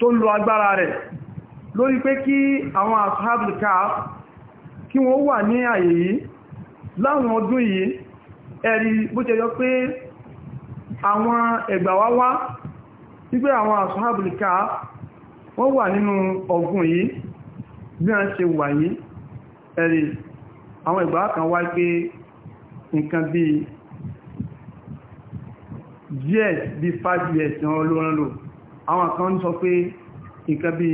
tó lo agbára rẹ̀ lórí pé kí àwọn ashabul kahf kí wọ́n wà ní àyè yìí láwọn ọdún yìí ẹ̀rí bó ṣe yọ pé àwọn ẹgbàwá wá wípé àwọn ashabul kahf wọ́n wà nínú ọgbùn yìí bí wọ́n ṣe wà yìí ẹ̀rí àwọn ìgbà kan wá pé nǹkan bí díẹ̀ bí 5 years ìran olóran lò àwọn kan sọ pé nǹkan bí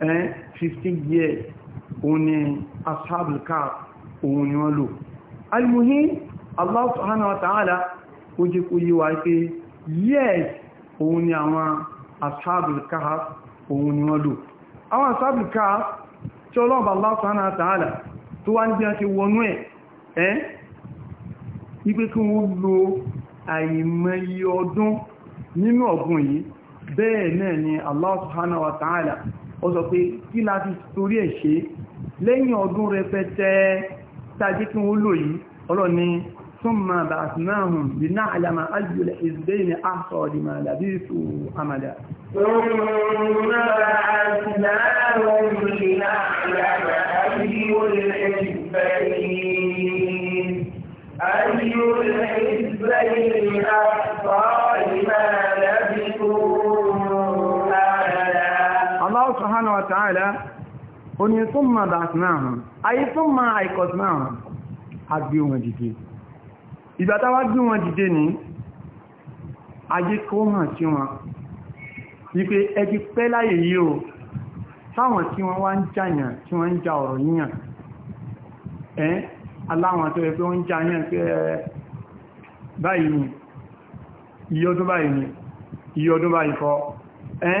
15 years òun ni ashabul kaf òun ni wọ́n lò Allah subhanahu wa ta'ala ó jẹ́ kó yí wa pé years òun ni àwọn ashabul kaf òun ni wọ́n lò àwọn ashabul kaf tí ọlọ́ọ̀bà Allah subhanahu wa ta'ala tó wá níbi àti wọnú ẹ̀ ẹ́ kí wọ́n bẹ́ẹ̀ náà ni Allah subhanahu wa ta'ala ó sọ pé kí la fi torí ẹ̀ ṣe lẹ́yìn ọdún rẹpẹtẹ tàbí kí wọ́n lò yìí ọlọ́ni thumma ba'athnahum lina'lama ayyul hizbayni ahsa lima labisu amada أي الحزبين أحصى لما subhanahu wa ta'ala ó ní thumma ba'athnahum ayé thumma ayqadhnahum a gbé wọn dìde ìgbà táwa gbé wọn dìde ní ajé kó hàn sí wọn wípé ẹjí pẹ́ láyé yìí o táwọn tí wọ́n wá ń jàyàn tí wọ́n ń ja ọ̀rọ̀ yíyàn ẹ́ aláwọn tó ẹgbẹ́ wọ́n ń jàyàn pé ni iye ọdún báyìí ni iye ọdún báyìí kọ́ ẹ́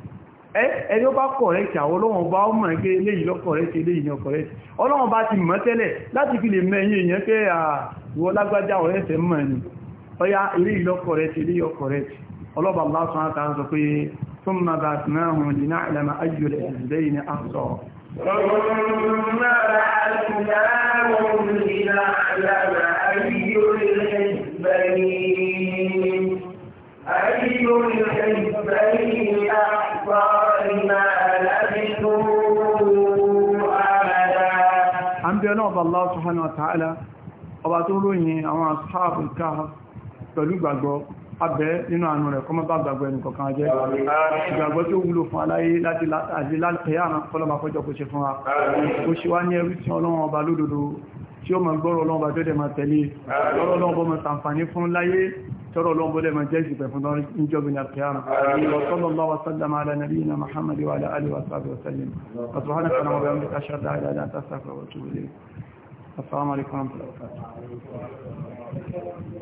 ẹni ó bá kọ̀rẹ́tì àwọn ọlọ́run bá ó mọ̀ léyìn lọ kọ̀rẹ́tì léyìn lọ ọlọ́run bá ti mọ̀ tẹ́lẹ̀ láti fi lè mẹ́yìn èèyàn pé àwọ lágbájá ọ̀rẹ́sẹ̀ mọ̀ ni ọya ilé ìlọ kọ̀rẹ́tì ilé ọkọ̀rẹ́tì ọlọ́ba lásán àtà sọ Allah subhanahu wa ta'ala ọba tó ròyìn àwọn asáàbù káà pẹ̀lú gbàgbọ́ abẹ́ nínú àánú rẹ̀ kọmọ bá gbàgbọ́ ẹni kọ̀kan jẹ́ ìgbàgbọ́ tó wúlò fún aláyé láti láàrín kọlọ̀bà kọjọ kò ṣe fún wa kò ṣe wá ní ẹrú tí ọlọ́run ọba lódodo tí ó mọ̀ gbọ́rọ̀ ọlọ́run ọba jọ́dẹ̀ máa tẹ̀lé ترى لهم بلا من جيش بفضل نجوبنا القيامة وصلى الله وسلم على نبينا محمد وعلى آله وصحبه وسلم سبحانك اللهم وبحمدك أشهد لا إله إلا أنت أستغفرك وأتوب إليك السلام عليكم ورحمة الله وبركاته